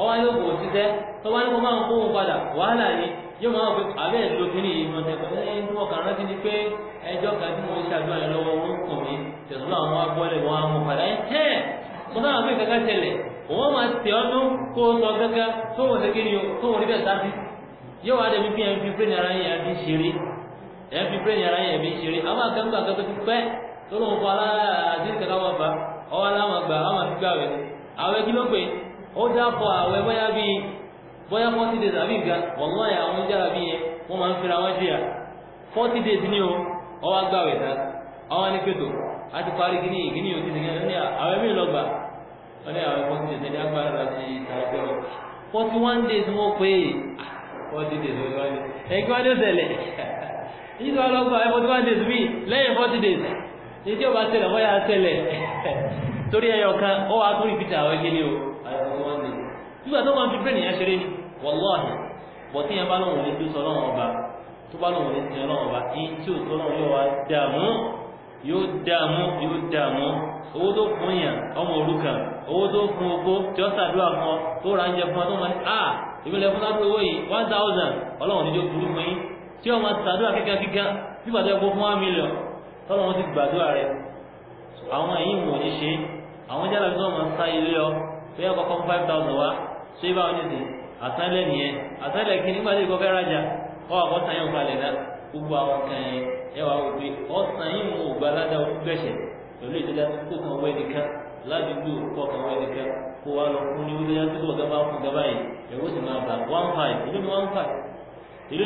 ọwọ́ ní kò ṣiṣẹ́ tó bá ní kó máa ń kó wọn padà wàhálà ni yóò máa fi abẹ́ ìlú kínní yìí wọn tẹ̀ pẹ̀lú ẹni tí wọ́n kàn rántí ni pé ẹjọ́ kan tí wọ́n ṣàdúrà yẹn lọ́wọ́ wọn kàn mí tẹ̀sán náà wọ́n á bọ́lẹ̀ wọ́n á mú padà ẹ̀ tẹ́ mo náà fi kankan tẹ̀lẹ̀ wọ́n máa tẹ̀ ọdún kó sọ kankan tó wọ́n ṣe kí ni tó wọ́n rí bẹ́ẹ̀ sáfì yóò wá dẹbi pé ẹ fi pé ní ara yẹn ẹbí ṣeré ẹ fi pé ní ara yẹn ẹbí ṣeré àwọn akẹ́kọ̀ọ́ akẹ́kọ̀ọ́ ti pẹ́ tó lóun fọ aláàdínkẹ́kọ̀ọ́ wọn bá ọwọ́ aláwọ̀ gbà àwọn àti gbà àwọn ẹgbẹ́ ló pè é ó dápọ̀ àwẹ̀ bóyá bíi bóyá forty days àbí nǹkan wàlúwàyà àwọn oníjàrá bíi yẹn wọ́n máa ń fira wọn jìyà forty days ni o ọ wá gbà wẹ̀ ọ ni pẹ̀tọ̀ a ti parí gíní gíní òtí ti awa ní àwẹ̀ mí ní days ẹni agbára láti tààtẹ́ wọn forty one days wọ́n pé ah, forty days wọ́n wá <laughs> forty one days bíi lẹ́yìn forty days tí bá wọ́n yà á torí kan ó ọ̀rọ̀ tó wọ́n lè nígbà tó wọ́n fi bẹ́ẹ̀ nìyẹn ṣeré ni wọ́láhì bọ̀ tí yẹn bá lọ́wọ́ lè tó sọ lọ́wọ́ ọba tó bá lọ́wọ́ lè sin ọlọ́wọ́ ọba tí tí ò tó lọ́wọ́ yóò wá dààmú yóò dààmú yóò dààmú owó tó fún yàn ọmọ òrukàn owó tó fún ogbó tí ó ṣàdúrà fún ọ tó ra oúnjẹ fún ọ tó máa ní à ah, ìbílẹ̀ fún ládùúgbò owó yìí one thousand ọlọ́run níjó burú fún yín tí ọmọ ṣàdúrà kíkan kíkan bí bàtà ẹ̀kọ́ fún one million tọ́lọ́run ti gbàdúrà rẹ̀ àwọn èyí wọ̀nyí ṣe àwọn jáde tó máa ń sá ilé ọ bóyá kọ̀ọ̀kan five thousand wa ṣé báwo ni sè àtàlẹ́ nìyẹn àtàlẹ́ kí nígbà tí rajà ọ̀ àkọ́ san yóò falẹ̀ náà gbogbo àwọn kan yẹn ẹ wà wò pé ọ̀sán yìí mo gbà ládàá ó gbẹ̀ṣẹ̀ pẹ̀lú ìdílé kó kan wẹ́ nìkan ládùúgbò kó kan wẹ́ nìkan kó wa lọ fún ní wíwáyà tó bọ̀ gábà fún gábà yìí sì máa one five ìlú ni one five ìlú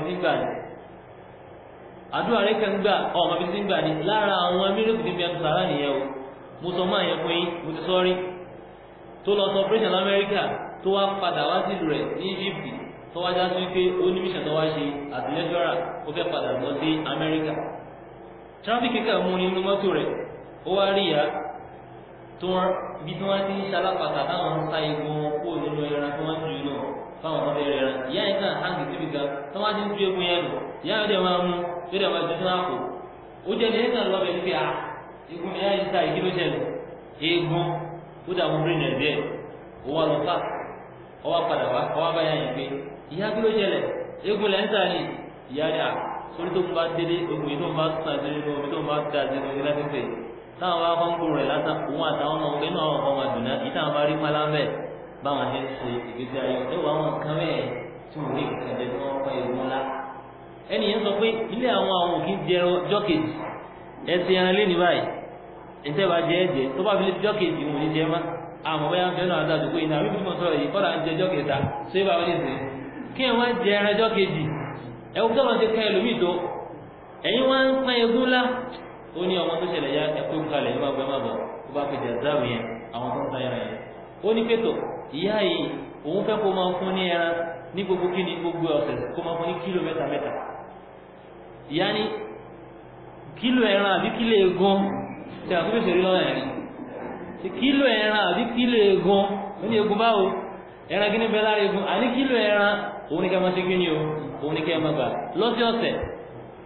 five àdúrà rẹ kàn gbà ọmọ bíi ti ń gbà ní lára àwọn mírèkù tí bíi sàrà nìyẹn o mo sọ máa yẹn fún yín mo ti sọrí tó lọ sọ operation lamẹ́ríkà tó wá padà wá sí rẹ̀ ní Egypt tó wá já sí pé ó ní mission tó wá ṣe àtìlẹ́jọ́ra ó fẹ́ padà lọ sí Amẹ́ríkà traffic kíkà mú nínú mọ́tò rẹ̀ ó wá rí ìyá tó wọn bí tí wọ́n ti ń ṣalápàtà táwọn ń ta egun wọn kúrò nínú ẹran tí wọ́n ń jù náà fáwọn ọmọdé rẹ rẹ ìyá yẹn kàn hangi síbi gan tó wá ti ń ju egun yẹn lò ìyá yẹn dẹ̀ máa mú tó dẹ̀ máa dúdú àpò ó jẹ́ ní ẹ̀ka lọ́bẹ̀ ní pé a ah, egun ìyá yẹn ta ìdí ló ṣẹlẹ̀ egun ó dà wọ́n rí nà ẹ̀dẹ́ ó wà lọ fà ó wà padà wá ó wà bá yà yẹn pé ìyá kí ló ṣẹlẹ̀ egun lẹ́ ń ta ni ìyá rẹ̀ à ah, sórí tó ń bá délé egun yìí tó ń bá sàn délé omi tó ń bá da délé omi lásìkò táwọn bá kọ́ ń kúrò rẹ̀ lásán òun àtàwọn ọmọ báwọn ṣe ń ṣe ìgbésí ayé ẹwà àwọn nǹkan mẹ́ẹ̀ tí wọ́n rí nǹkan jẹ tí wọ́n kọ́ ìlú ńlá ẹnì yẹn sọ pé ilé àwọn àwọn òkè jẹ jọ́kèjì ẹ ẹran lé ní báyìí ẹsẹ̀ bá jẹ ẹ̀jẹ̀ tó bá fi lé wọn ò jẹ má bẹ́ẹ̀ fẹ́ràn àti àdúgbò yìí náà sọ̀rọ̀ yìí ń jẹ wọlé sí kí ẹ jẹ ẹran ẹ ti tó ìyá yìí òun fẹ́ kó máa fún ní ẹran ní gbogbo kí ni gbogbo ọ̀sẹ̀ kó máa fún ní kílò mẹ́ta mẹ́ta ìyá ni kílò ẹran àbí kílò egun ṣe àkókò ìṣòrí lọ́nà ẹ̀rín ṣe kílò ẹran àbí kílò egun ó ní egun báwo ẹran kí ni bẹ lára egun àní kílò ẹran òun ni kẹ́ máa ṣe kí ni o òun ni kẹ́ máa gbà lọ́sọ̀ọ̀sẹ̀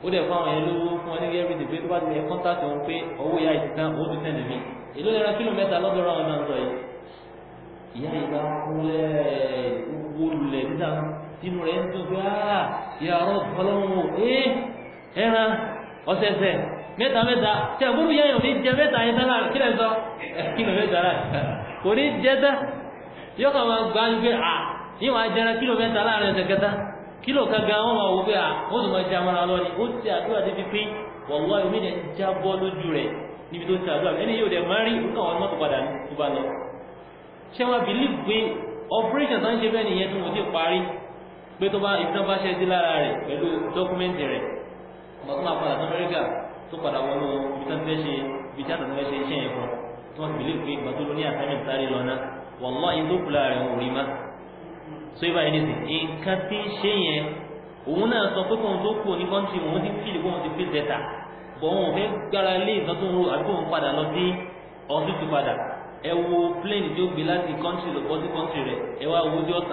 ó dẹ̀ fún àwọn yẹn lówó fún wọn ní gẹ́rì dìbò tó bá ti ẹ̀ kọ́ńtàtì wọn pé owó ìyá ìtìtàn ó ti tẹ̀lé mi èló ẹran kílò mẹ́ta ìyá ìgbà kúlẹ̀ gbogbo lulẹ̀ nígbà nínú rẹ̀ ń dùn pé áà ìyá ọ̀rọ̀ ọlọ́run ẹ ẹran ọ̀sẹ̀sẹ̀ mẹ́ta mẹ́ta tẹ̀ gbúrú yẹn ò ní jẹ mẹ́ta yẹn tán láàrín kílẹ̀ sọ kílò mẹ́ta láàrín kò jẹ tán yóò kàn máa à yíwọ̀n kílò mẹ́ta kẹta kílò wọn máa wò pé à tún máa jẹ lọ ni ó ti àdúrà ni ẹ̀ jábọ́ lójú rẹ̀ níbi tó ti àdúrà yóò dẹ̀ máa ṣé wọn bìlíf pé operation tó ń ṣe bẹ́ẹ̀ nìyẹn tó mo ti parí pé tó bá ìtàn bá ṣe dí lára rẹ̀ pẹ̀lú dọ́kúmẹ́ǹtì rẹ̀ ọmọ tó máa padà sí Amẹ́ríkà tó padà wọnú ibi tó ń fẹ́ ṣe ibi tí àtàtà fẹ́ ṣe iṣẹ́ yẹn fún tí wọ́n bìlíf pé ìgbà tó lóní àtàmì ìtàrí lọ náà wàláhì tó kù lára rẹ̀ ń wòrí má so ibà yẹn nìsín nǹkan tí ń ṣe yẹn òun náà sọ pé kóun tó kù ní kọ́ńtì òun ti fìlì kóun ti fìlì tẹ̀ta bọ̀ ewu wo plane tó gbé láti country lọ bọ́ sí country rẹ̀ ẹ wá wo ojú yẹn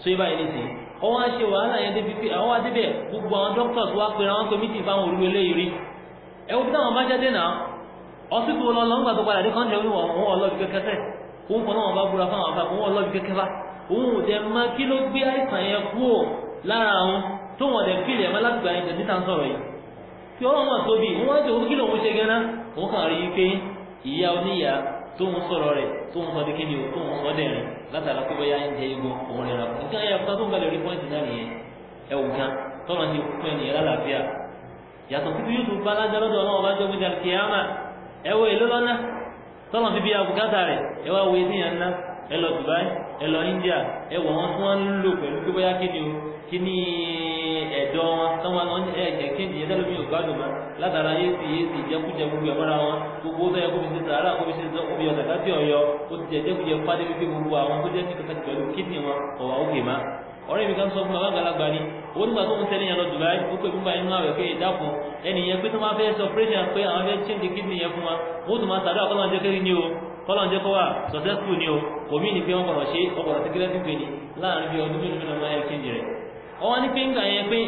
so yíba yìí nìsín ọwọ́ àṣẹ wàhálà yẹn débi pé àwọn adébẹ̀ gbogbo àwọn doctors wá pé àwọn pé meeting fáwọn òru eléyìí rí ẹ bí táwọn bá jáde náà ọsibú lọ lọ́ngbà tó padà dé country wọn wọn òun kọ́ náà bá búra fáwọn òun ò tó ń sọ̀rọ̀ rẹ̀ tó ń sọ bí kíni o tó ń sọ dẹ̀rin látara pé bóyá ń jẹ egun òun rẹ̀ ràn nǹkan ẹ̀yà fúta tó ń balẹ̀ rí pọ́ǹtì náà nìyẹn ẹ wò gan tọ́lọ̀ ní fún ẹnìyẹn lálàáfíà yàtọ̀ síbi yóò tún bala jọlọ́dọ̀ ọlọ́wọ́ bá jọ́gbé dàrú kìámà èlò lọ́nà rẹ̀ ná ẹ lọ Dubai ẹ lọ India ẹ wọ wọn tí wọn ń lò pẹ̀lú pé bóyá kíni o kíni ẹ̀dọ̀ wọn táwọn àwọn ẹ̀jẹ̀ kéde yẹn tẹ́lẹ̀ mi ò gbádùn mọ́ látara yéèsì yéèsì jẹkújẹ gbogbo ẹ̀mọ́ra wọn gbogbo ó sẹ́yẹ kó fi ṣe sàárà kó fi ṣe sọ omi ọ̀sẹ̀ káfí ọ̀yọ́ ó ti jẹ jẹkújẹ pàdé wípé gbogbo àwọn tó jẹ́ ní kankan pẹ̀lú kíni wọn ọ̀wà òkè má ọ̀rẹ́ mi kan sọ fún bàbá àgbàlagbà ni ó nígbà tó ń tẹ́lẹ̀ yẹn lọ Dubai ó pè fún báyìí nínú àwẹ̀ pé ìdákun ẹnìyẹn pé tó máa fẹ́ sọ pírẹ́ṣà pé àwọn fẹ́ ṣéǹdì kíndìn yẹn fún wa ó tún máa sàdúrà kọ́lọ́ọ̀jẹ́ kẹ́rin ní o kọ́lọ́n jẹ́ kó wà successful ni o omi ni pé wọ́n gbọ́dọ̀ ṣe ọgbọ̀dọ̀ ti kílẹ̀ pípé ni láàrin bí ọdún mélòó mélòó máa yẹ kéjì rẹ̀ ọwọ́ ní pé ń yẹn pé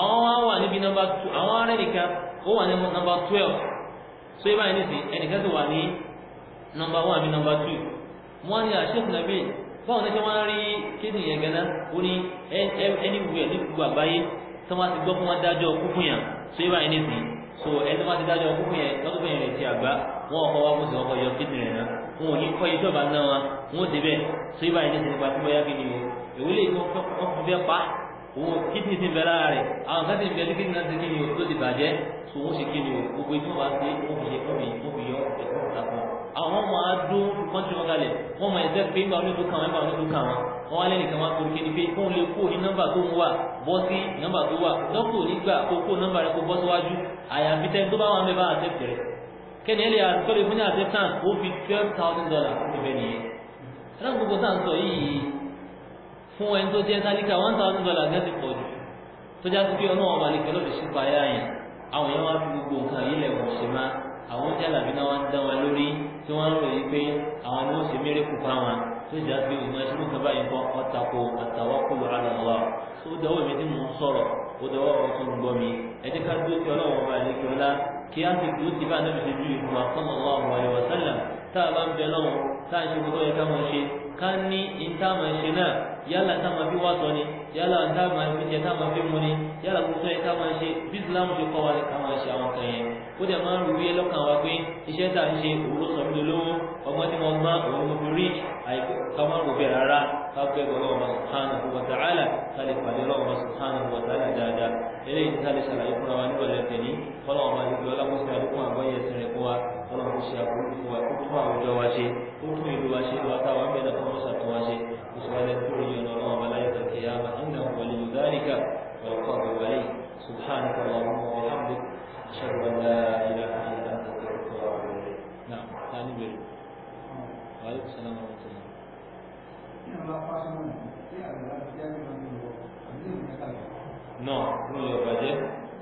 àwọn wá wà níbi nọ́mbà two àwọn ará nìkan ó wà ní nọ́mbà twelve so ibà yẹn nìsín ẹnìkan ti wà ní nọ́mbà one àbí nọ́mbà two wọ́n ní àṣẹ́kù nàbí báwo ni ṣe wọ́n rí kéde yẹn gánà ó ní ẹni wù ẹ̀ ní gbogbo àgbáyé tí wọ́n ti gbọ́ fún wọn dájọ́ kúkú yẹn so ibà yẹn nìsín so ẹni tí wọ́n ti dájọ́ kúkú yẹn lọ́dún wọn ọkọ wa bóṣe ọkọ yọ kíndìnrín náà wọn ò ní kọ́ iṣẹ́ ọba náà wa wọn ò débẹ̀ tó ibà yìí nísìnyí pa síbọ̀ yá kí ni o èwo lè tó wọn fi fẹ́ pa òun kíndìnrín ti bẹ̀ lára rẹ̀ àwọn kan ti bẹ̀ ní kíndìnrín náà ti kí ni o tó ti bàjẹ́ tó wọn sì kí ni o gbogbo ìtọ́ wa ti òbí yẹ òbí òbí yọ ẹ̀kọ́ ìtàkùn àwọn ọmọ adó kọ́ńtì wọn kalẹ̀ wọn mọ ẹ̀sẹ̀ pé nígbà olóòtú kan nígbà olóòtú kan wọn wọn wá lẹ́nìkan wá torí kéde pé kóun lè kó ní nọ́mbà tó ń wà bọ́ sí nọ́mbà tó wà dọ́kítà nígbà kó kó nọ́mbà rẹ kó bọ́ síwájú àyàfi tẹ́ tó bá wà ń bẹ bá àtẹ̀tẹ̀ rẹ̀ kẹ́ni ẹ̀ lè àtúntò lè fún ní acceptance ó fi twelve thousand dollars ibẹ̀ nìyẹn ẹ̀rọ gbogbo tá à ń sọ yìí fún ẹni tó jẹ́ tálíkà one thousand dollars gẹ́gẹ́ pọ̀ jù tó já sí pé ọlọ́run ọba lè kẹ́lọ́ fi ṣípa ayé àyàn àwọn èèyàn wá fi gbogbo nǹkan yìí lẹ̀ wọ̀n ṣe máa àwọn oúnjẹ àlàbí náà wá ń dá wọn lórí tí wọ́n ń ròyìn pé àwọn ni ó ṣe mérè kú pa wọn tó jà pé ìmọ̀ ẹṣin mú kaba yìí kọ́ ọ̀tàkó àtàwákùlù ala Allah ó dọwọ́ mi tí mò ń sọ̀rọ̀ ó dọwọ́ ọ̀tún gbọ́ mi ẹ jẹ́ ká dúró sí ọlọ́run ọba àlejò ọlá kí á ti kú síbá níbi ṣe ju ìfúnwa sallallahu alaihi wa sallam tá a bá ń bẹ lọ́wọ́ tá a ṣe gbogbo ẹ̀ká máa ni yálà ń dáàmà ìfúnjẹ táàmà fi mú ni yálà kótó ẹ táàmà ṣe bí islam ṣe kọ́ wa ni ká máa ṣe àwọn kan yẹn ó dẹ̀ máa ń rú yẹ lọ́kàn wa pé iṣẹ́ tá à ń ṣe òwúrọ̀ sọ mí lówó ọmọ tí mo gbọ́n òun mo fi rí àìkú ká má rò bẹ́ẹ̀ rárá ká fẹ́ gbọ́dọ̀ ọmọ subhanahu wa ta'ala ká lè pàdé lọ́wọ́ subhanahu wa ta'ala dáadáa eléyìí tí sáré ṣàlàyé fúnra wa nígbà lẹ́tẹ̀ ní fọlọ́wọ́n máa ń gbé ọlọ́kùnrin àdúgbò àgbáyé ẹ̀sìn القيامة إنه ولي ذلك والقادر عليه سبحانك اللهم وبحمدك أشهد أن لا إله إلا أنت أستغفرك وأتوب إليك نعم ثاني بير وعليكم السلام ورحمة الله náà ló lè bàjẹ́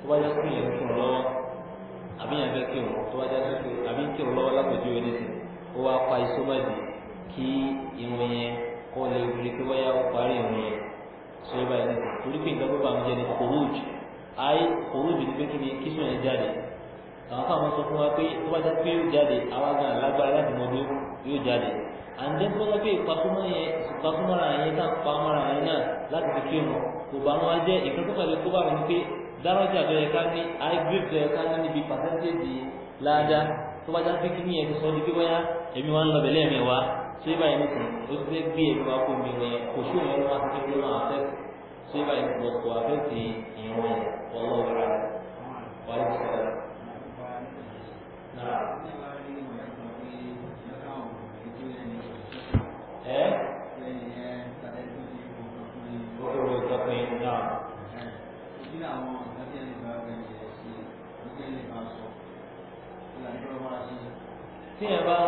tó bá jásí yẹn kí òun lọ́wọ́ àbí yẹn fẹ́ kí òun tó bá jásí kí àbí kí òun lọ́wọ́ lápẹ̀jú ẹni sìn ó wá pa iṣó bàjẹ́ kí irun yẹn kó lè rí pé bóyá ó parí irun yẹn sọ yẹ báyìí lẹ́sìn torí pé nǹkan gbogbo àwọn jẹ́ ní kòróòjì ayé kòróòjì ni pé kí ni kí sùn yẹn jáde àwọn fáwọn sọ fún wa pé tó bá jẹ́ pé yóò jáde àwa gan alágbára láti mọ bí yóò jáde àǹdẹ́ tó bá pé ìpasúmọ́ yẹn ìpasúmọ́ra yẹn náà pamọ́ra yẹn náà láti fi kí wọn kò bá wọn jẹ́ ìkan tó pàdé bá wọn ni pé dárọ́jà tó yẹ ká ní àìgbèrè tó yẹ ká ní níbi pàṣẹ́ntéèjì ládàá tó bá jẹ́ pé kí ni ẹ̀ ṣé báyìí ní sùn ó ti fẹ́ gbé ẹ̀rọ akómi rẹ̀ kò sí òun wá sí pé máa fẹ́ ṣé báyìí ní sùn kò afẹ́ ti ìrún ẹ̀ ọlọ́wọ́ rẹ̀ wà ní sùn. ẹ ó kúrò ìtọ́pin náà. kí ni àwọn ọ̀gá tí ẹni bá rẹ̀ ṣe ṣe ní kí ẹni bá sọ? tí ẹ bá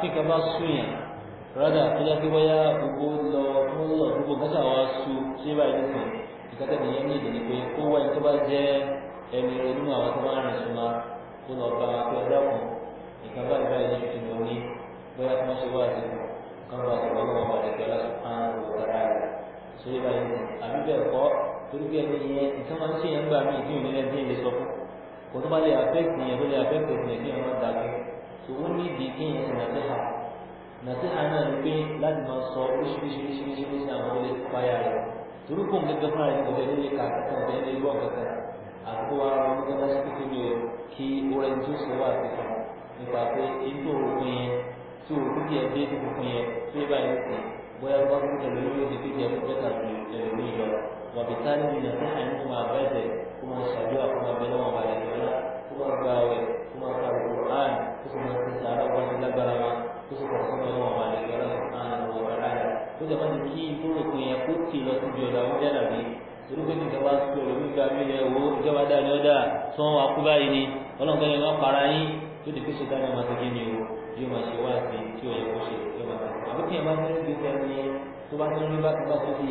tí ẹ bá sún yẹn rádà tó yá pé bóyá gbogbo lọ tó ń lọ gbogbo nǹkan tàwa su ṣé báyìí nìkan ìkàtẹ́ nìyẹn ní ìdí ni pé ó wá ẹni tó bá jẹ́ ẹni nínú àwọn tó máa rìn súnmọ́ tó lọ bá wa pé ọjọ́ kan nǹkan báyìí báyìí ní ìdí ni bóyá kí wọ́n ṣe wá àti kan bá ti wọ́n wọ́n wọ́n àti ọlọ́sùn kan ló kára rẹ̀ ṣé báyìí ni, àbí bẹ́ẹ̀ kọ́ torí pé ẹni yẹn nǹkan máa ń ṣe yẹn gbà mí ìdí òní lẹ́ni lè sọ fún kò nàti àná ni pé láti máa sọ oríṣiríṣiríṣiríṣi àwọn ilé fáyà rẹ̀ torúkọ gẹ́gẹ́ fún àìsàn ọ̀bẹ nílé ká kankan ọ̀bẹ nílé gbọ́ kankan àkókò wa rọ nígbà tá a ṣe kékeré ni o kí orin tó sọ wà sí kan nípa pé inú òògùn yẹn tí òògùn yẹn dé ní òògùn yẹn tó yẹ báyìí sí bóyá wọ́n fún ẹlòmíràn ní kékeré ẹ̀kọ́ mẹ́ta ẹlòmíràn lọ wà bí táyà ní nàti àná kó máa bẹ́ẹ̀ kó máa ṣàjọ àkómọ abẹ́ náà wà tó sì kọ̀ fún ọlọ́wọ́ wa lè lọ́la sọ̀tàn lọ́wọ́ wa láyà ó jẹ́ wọ́n ti kí ìtòrò kan yẹn kó tì lọ síbi ọ̀dà wọn jẹ́ dàbí torí pé nìkan bá sọ èrò nígbà mílẹ̀ wo ìjọba dá ní ọ̀dà tí wọ́n wá kú báyìí ni ọlọ́nkẹ́ yẹn wọ́n para yín tó ti pèsè dáná máa ti ni o yóò máa ṣe wá sí tí ó yẹ kó ṣe yóò máa ṣe àbí kí ẹ máa fẹ́rẹ́ gbé sẹ́ni tó bá tún rí bákan bá tún ti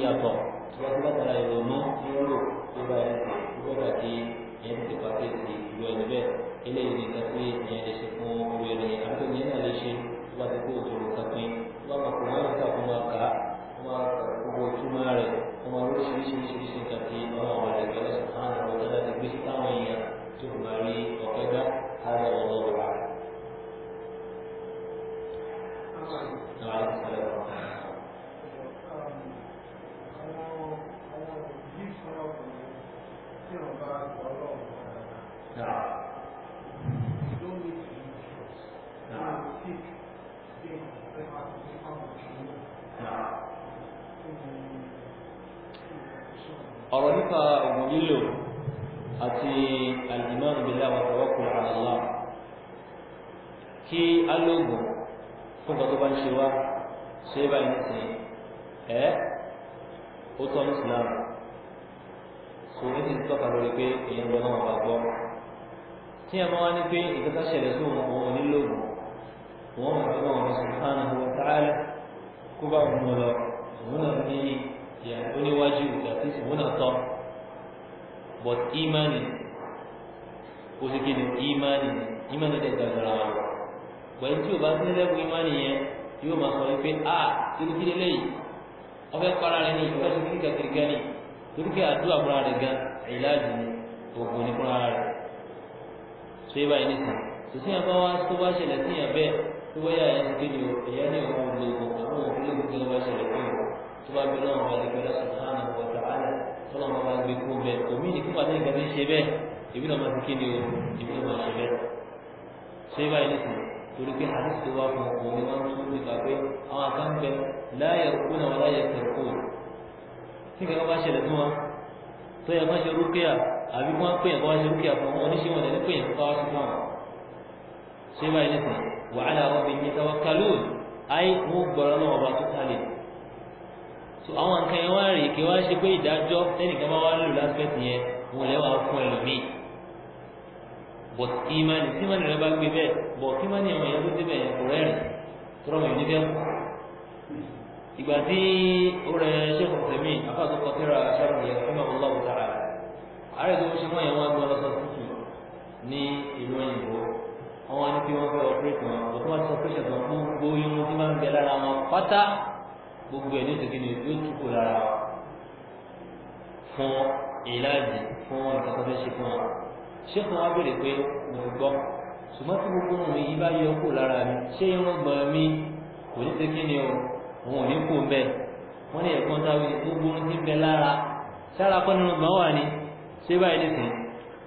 tó bá ti kó òṣèlú kankan tó bá kọ̀ọ̀kan náà níta kó máa kà á kó máa gbogbo ìtumọ̀ rẹ̀ kó máa lóríṣiríṣiríṣi nǹkan tí ọlọ́run wà lẹ́gbẹ̀ẹ́ lọ́sàn án àwọn ọ̀dọ́dá ti gbé sí táwọn èèyàn tó fi máa rí ọ̀kẹ́ dá ara ọlọ́run wà. Yeah ọ̀rọ̀ nípa ògùn lílò àti al-iman billahi wa tawakkul ala Allah kí alóògùn fún ọ̀tọ́ bá ń ṣe wá ṣe é báyìí nísìnyí ẹ́ ó tọ́ ní Islam kò ní ti tọ́ka lórí pé èèyàn lọ́nà wà gbọ́ tí ẹ̀ máa wá ní pé ìgbésà ṣẹlẹ̀ sí òun òun wọ́n mọ̀ ọ́ wọn subhanahu wa ta'ala kó bá wọn lọ òun náà ní ìyá oníwájú ìdàtí òun náà tọ́ but imani kò sí kíni imani imani dẹ̀ gbàgbọ́ra wa gbẹ̀yìn tí o bá ti lẹ́kùn imani yẹn yóò máa sọ wípé a kirikiri lẹ́yìn ọbẹ̀ kpara rẹ ní ìfẹ́ sí kíríkà kíríkà ni kíríkà àdúrà fúnra rẹ gan ìlàjì ni òògùn ní fúnra rẹ so yẹ báyìí nísìnyí sòsìyàn bá wá tó bá ṣẹlẹ̀ síyàn bẹ́ẹ̀ tó bá yà ẹni kéde o ìyá ní ìwọ òun lè wọ àwọn òun lè gbé wọn ṣẹlẹ̀ pé o tó bá bí náà wọn lè gbé lọsùn náà nà wọn tà á lẹ tó náà wọn bá gbé kó bẹ omi ní fún àtẹnìkan ní ṣe bẹ́ẹ̀ ìbí náà máa ti kéde o ìbí náà máa ṣe bẹ́ẹ̀ ṣé báyìí ní sìn torí pé àdìsí tó wá fún òun ni wọn tún nípa pé àwọn àkàǹbẹ láyẹ kú náà wọn láyẹ tẹ kú tí kankan bá ṣẹlẹ̀ fún wa tó yẹ kó ṣe rúkìá àbí wọn pè yẹn kó wá ṣe rúkìá fún wọn oníṣẹ́ wọn lẹ́nu pè yẹn kó wá ṣe fún wọn ṣé báyìí ní sìn وعلى ربهم يتوكلون أي مبرر الله وبركاته so àwọn nǹkan yẹn wá rèé kí wá ṣe pé ìdájọ́ tẹ́nìkan bá wá lò láspẹ́tì yẹn wọn lẹ́wà fún ẹlòmíì bọ̀ ìmánì tí ìmánì rẹ bá gbé bẹ́ẹ̀ bọ̀ kí ìmánì àwọn èèyàn tó débẹ̀ yẹn kò rẹ́rìn tọrọmọ yìí níbẹ̀ ìgbà tí ó rẹ ṣẹ́kọ̀ọ́ tẹ̀mí afáàtò kọtíra ṣàrùn yẹn fún ọmọ ọlọ́wọ́ tààrà ààrẹ tó ń ṣe wọ́n yẹn wọ́n gbọ́ lọ́sọ̀tún ní ìlú òyìnbó wọn wá ní pé wọn fẹ́ ọpẹrẹtì wọn kò tó bá ti ọpẹrẹtì wọn fún gbogbo irun tí máa ń bẹ lára wọn pátá gbogbo ẹ ní oṣù kìíní yóò tún kó lára wọn fún ìlàjì fún nǹkan tó fẹ́ ṣe fún wọn ṣé fún wa béèrè pé mo fi gbọ́ ṣùgbọ́n tí gbogbo ohun yìí bá yọ kó lára mi ṣé irun mi kò ní ṣe kíni o òun ò ní kó bẹ́ẹ̀ wọ́n ní ẹ̀kọ́ táwọn gbogbo ohun ti bẹ lára ṣára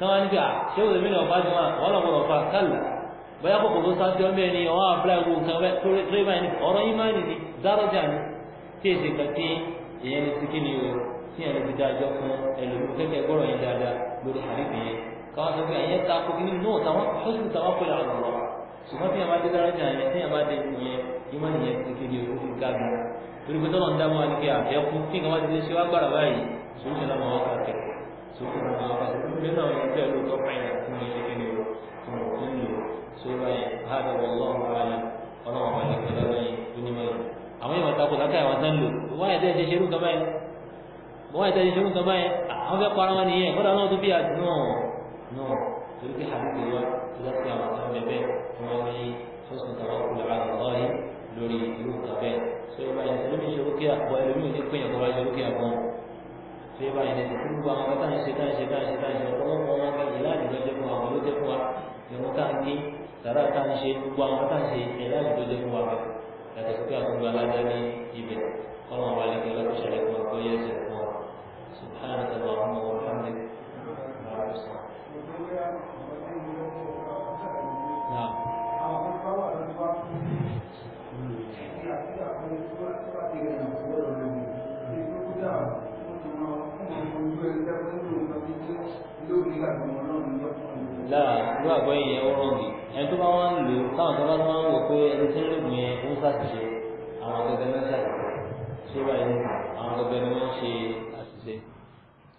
kán wá níbi à ṣé òde mìíràn ọba ti wọn wọn lọ́wọ́ lọ́fà kálù bóyá kòkò tó sáájú ọmọ ẹni ọwọ́ àbúlá ìwò nǹkan bẹ́ẹ̀ tó rí tóyí báyìí ọ̀rọ̀ ìmáàlì ni dárọ́jà ni tí èsì kan tí èèyàn lè ti kí ni o tí èèyàn lè ti dájọ́ fún ẹlòmíràn kẹ́kẹ́ gbọ́rọ̀ yẹn dáadáa lórí àríkì yẹn káwọn sọ pé àyẹn ta kókí nínú náà táwọn fọ́sùn táwọn pẹ̀lú àwọn ọ̀rọ̀ ṣùgbọ́n tí èèyàn bá dé dárọ́jà yẹn tí èèyàn bá dé yẹn ìmáàlì yẹn ti kí ni o ó fi gága torí pé tọ́lọ̀ ń dá mọ́ wa ní kí àfẹ́ kú kí nǹkan wá ti ṣe wá gbàrà báyìí sùúrù so kó mo lọ báyìí kó nínú àwọn ẹgbẹ́ ló tọ́ pààyàn fún mi ṣe kíni o fún mi kí n lò so báyìí báyìí wọ́n lọ́wọ́ wáyà ọlọ́wọ́ wáyà kẹlẹ́ lọ́yìn tó ní mọ́lẹ̀ àwọn yìí wọ́n takò láká àwọn tán lò wọ́n yà tẹ́ ṣe ṣerú kan báyìí wọ́n yà tẹ́ ṣe ṣerú kan báyìí àwọn fẹ́ para wọn nìyẹn kọ́dà náà tó bí àdúrà náà torí pé àdúgbò wa tó dá sí àwọn kan bẹ́ẹ̀ tí wọ́n ní fọ́sùn tàwọn kúlẹ̀ àwọn ọ̀rọ̀ yìí lórí irú kan ṣé báyìí ní ìdíkú gbogbo àwọn tá à ń ṣe tá à ń ṣe tá ṣe tá à ń wọn gbé ìlànà ló dé fún wa ló dé fún wa ìwọ̀n tá à sàrà tá ṣe gbogbo àwọn tá à ń ṣe ló dé fún wa yàtọ̀ sí àtúndú alájá ní ibẹ̀ kọ́lọ́n wa lè kí ọlọ́kùnrin ṣàlẹ̀ fún yẹ ẹsẹ̀ fún wa lára irú àgbọ̀ yẹn ó rọ̀gì ẹni tó bá wá ń lò táwọn tó bá tó máa ń wò pé ẹni tí ń lògùn yẹn ó ń ṣàṣìṣe àwọn akẹgbẹ́ náà ṣàṣìṣe ṣé báyìí àwọn akẹgbẹ́ ni wọ́n ṣe àṣìṣe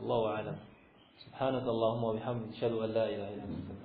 Allahu a'lam subhanaka Allahumma wa bihamdika ashhadu an la ilaha illa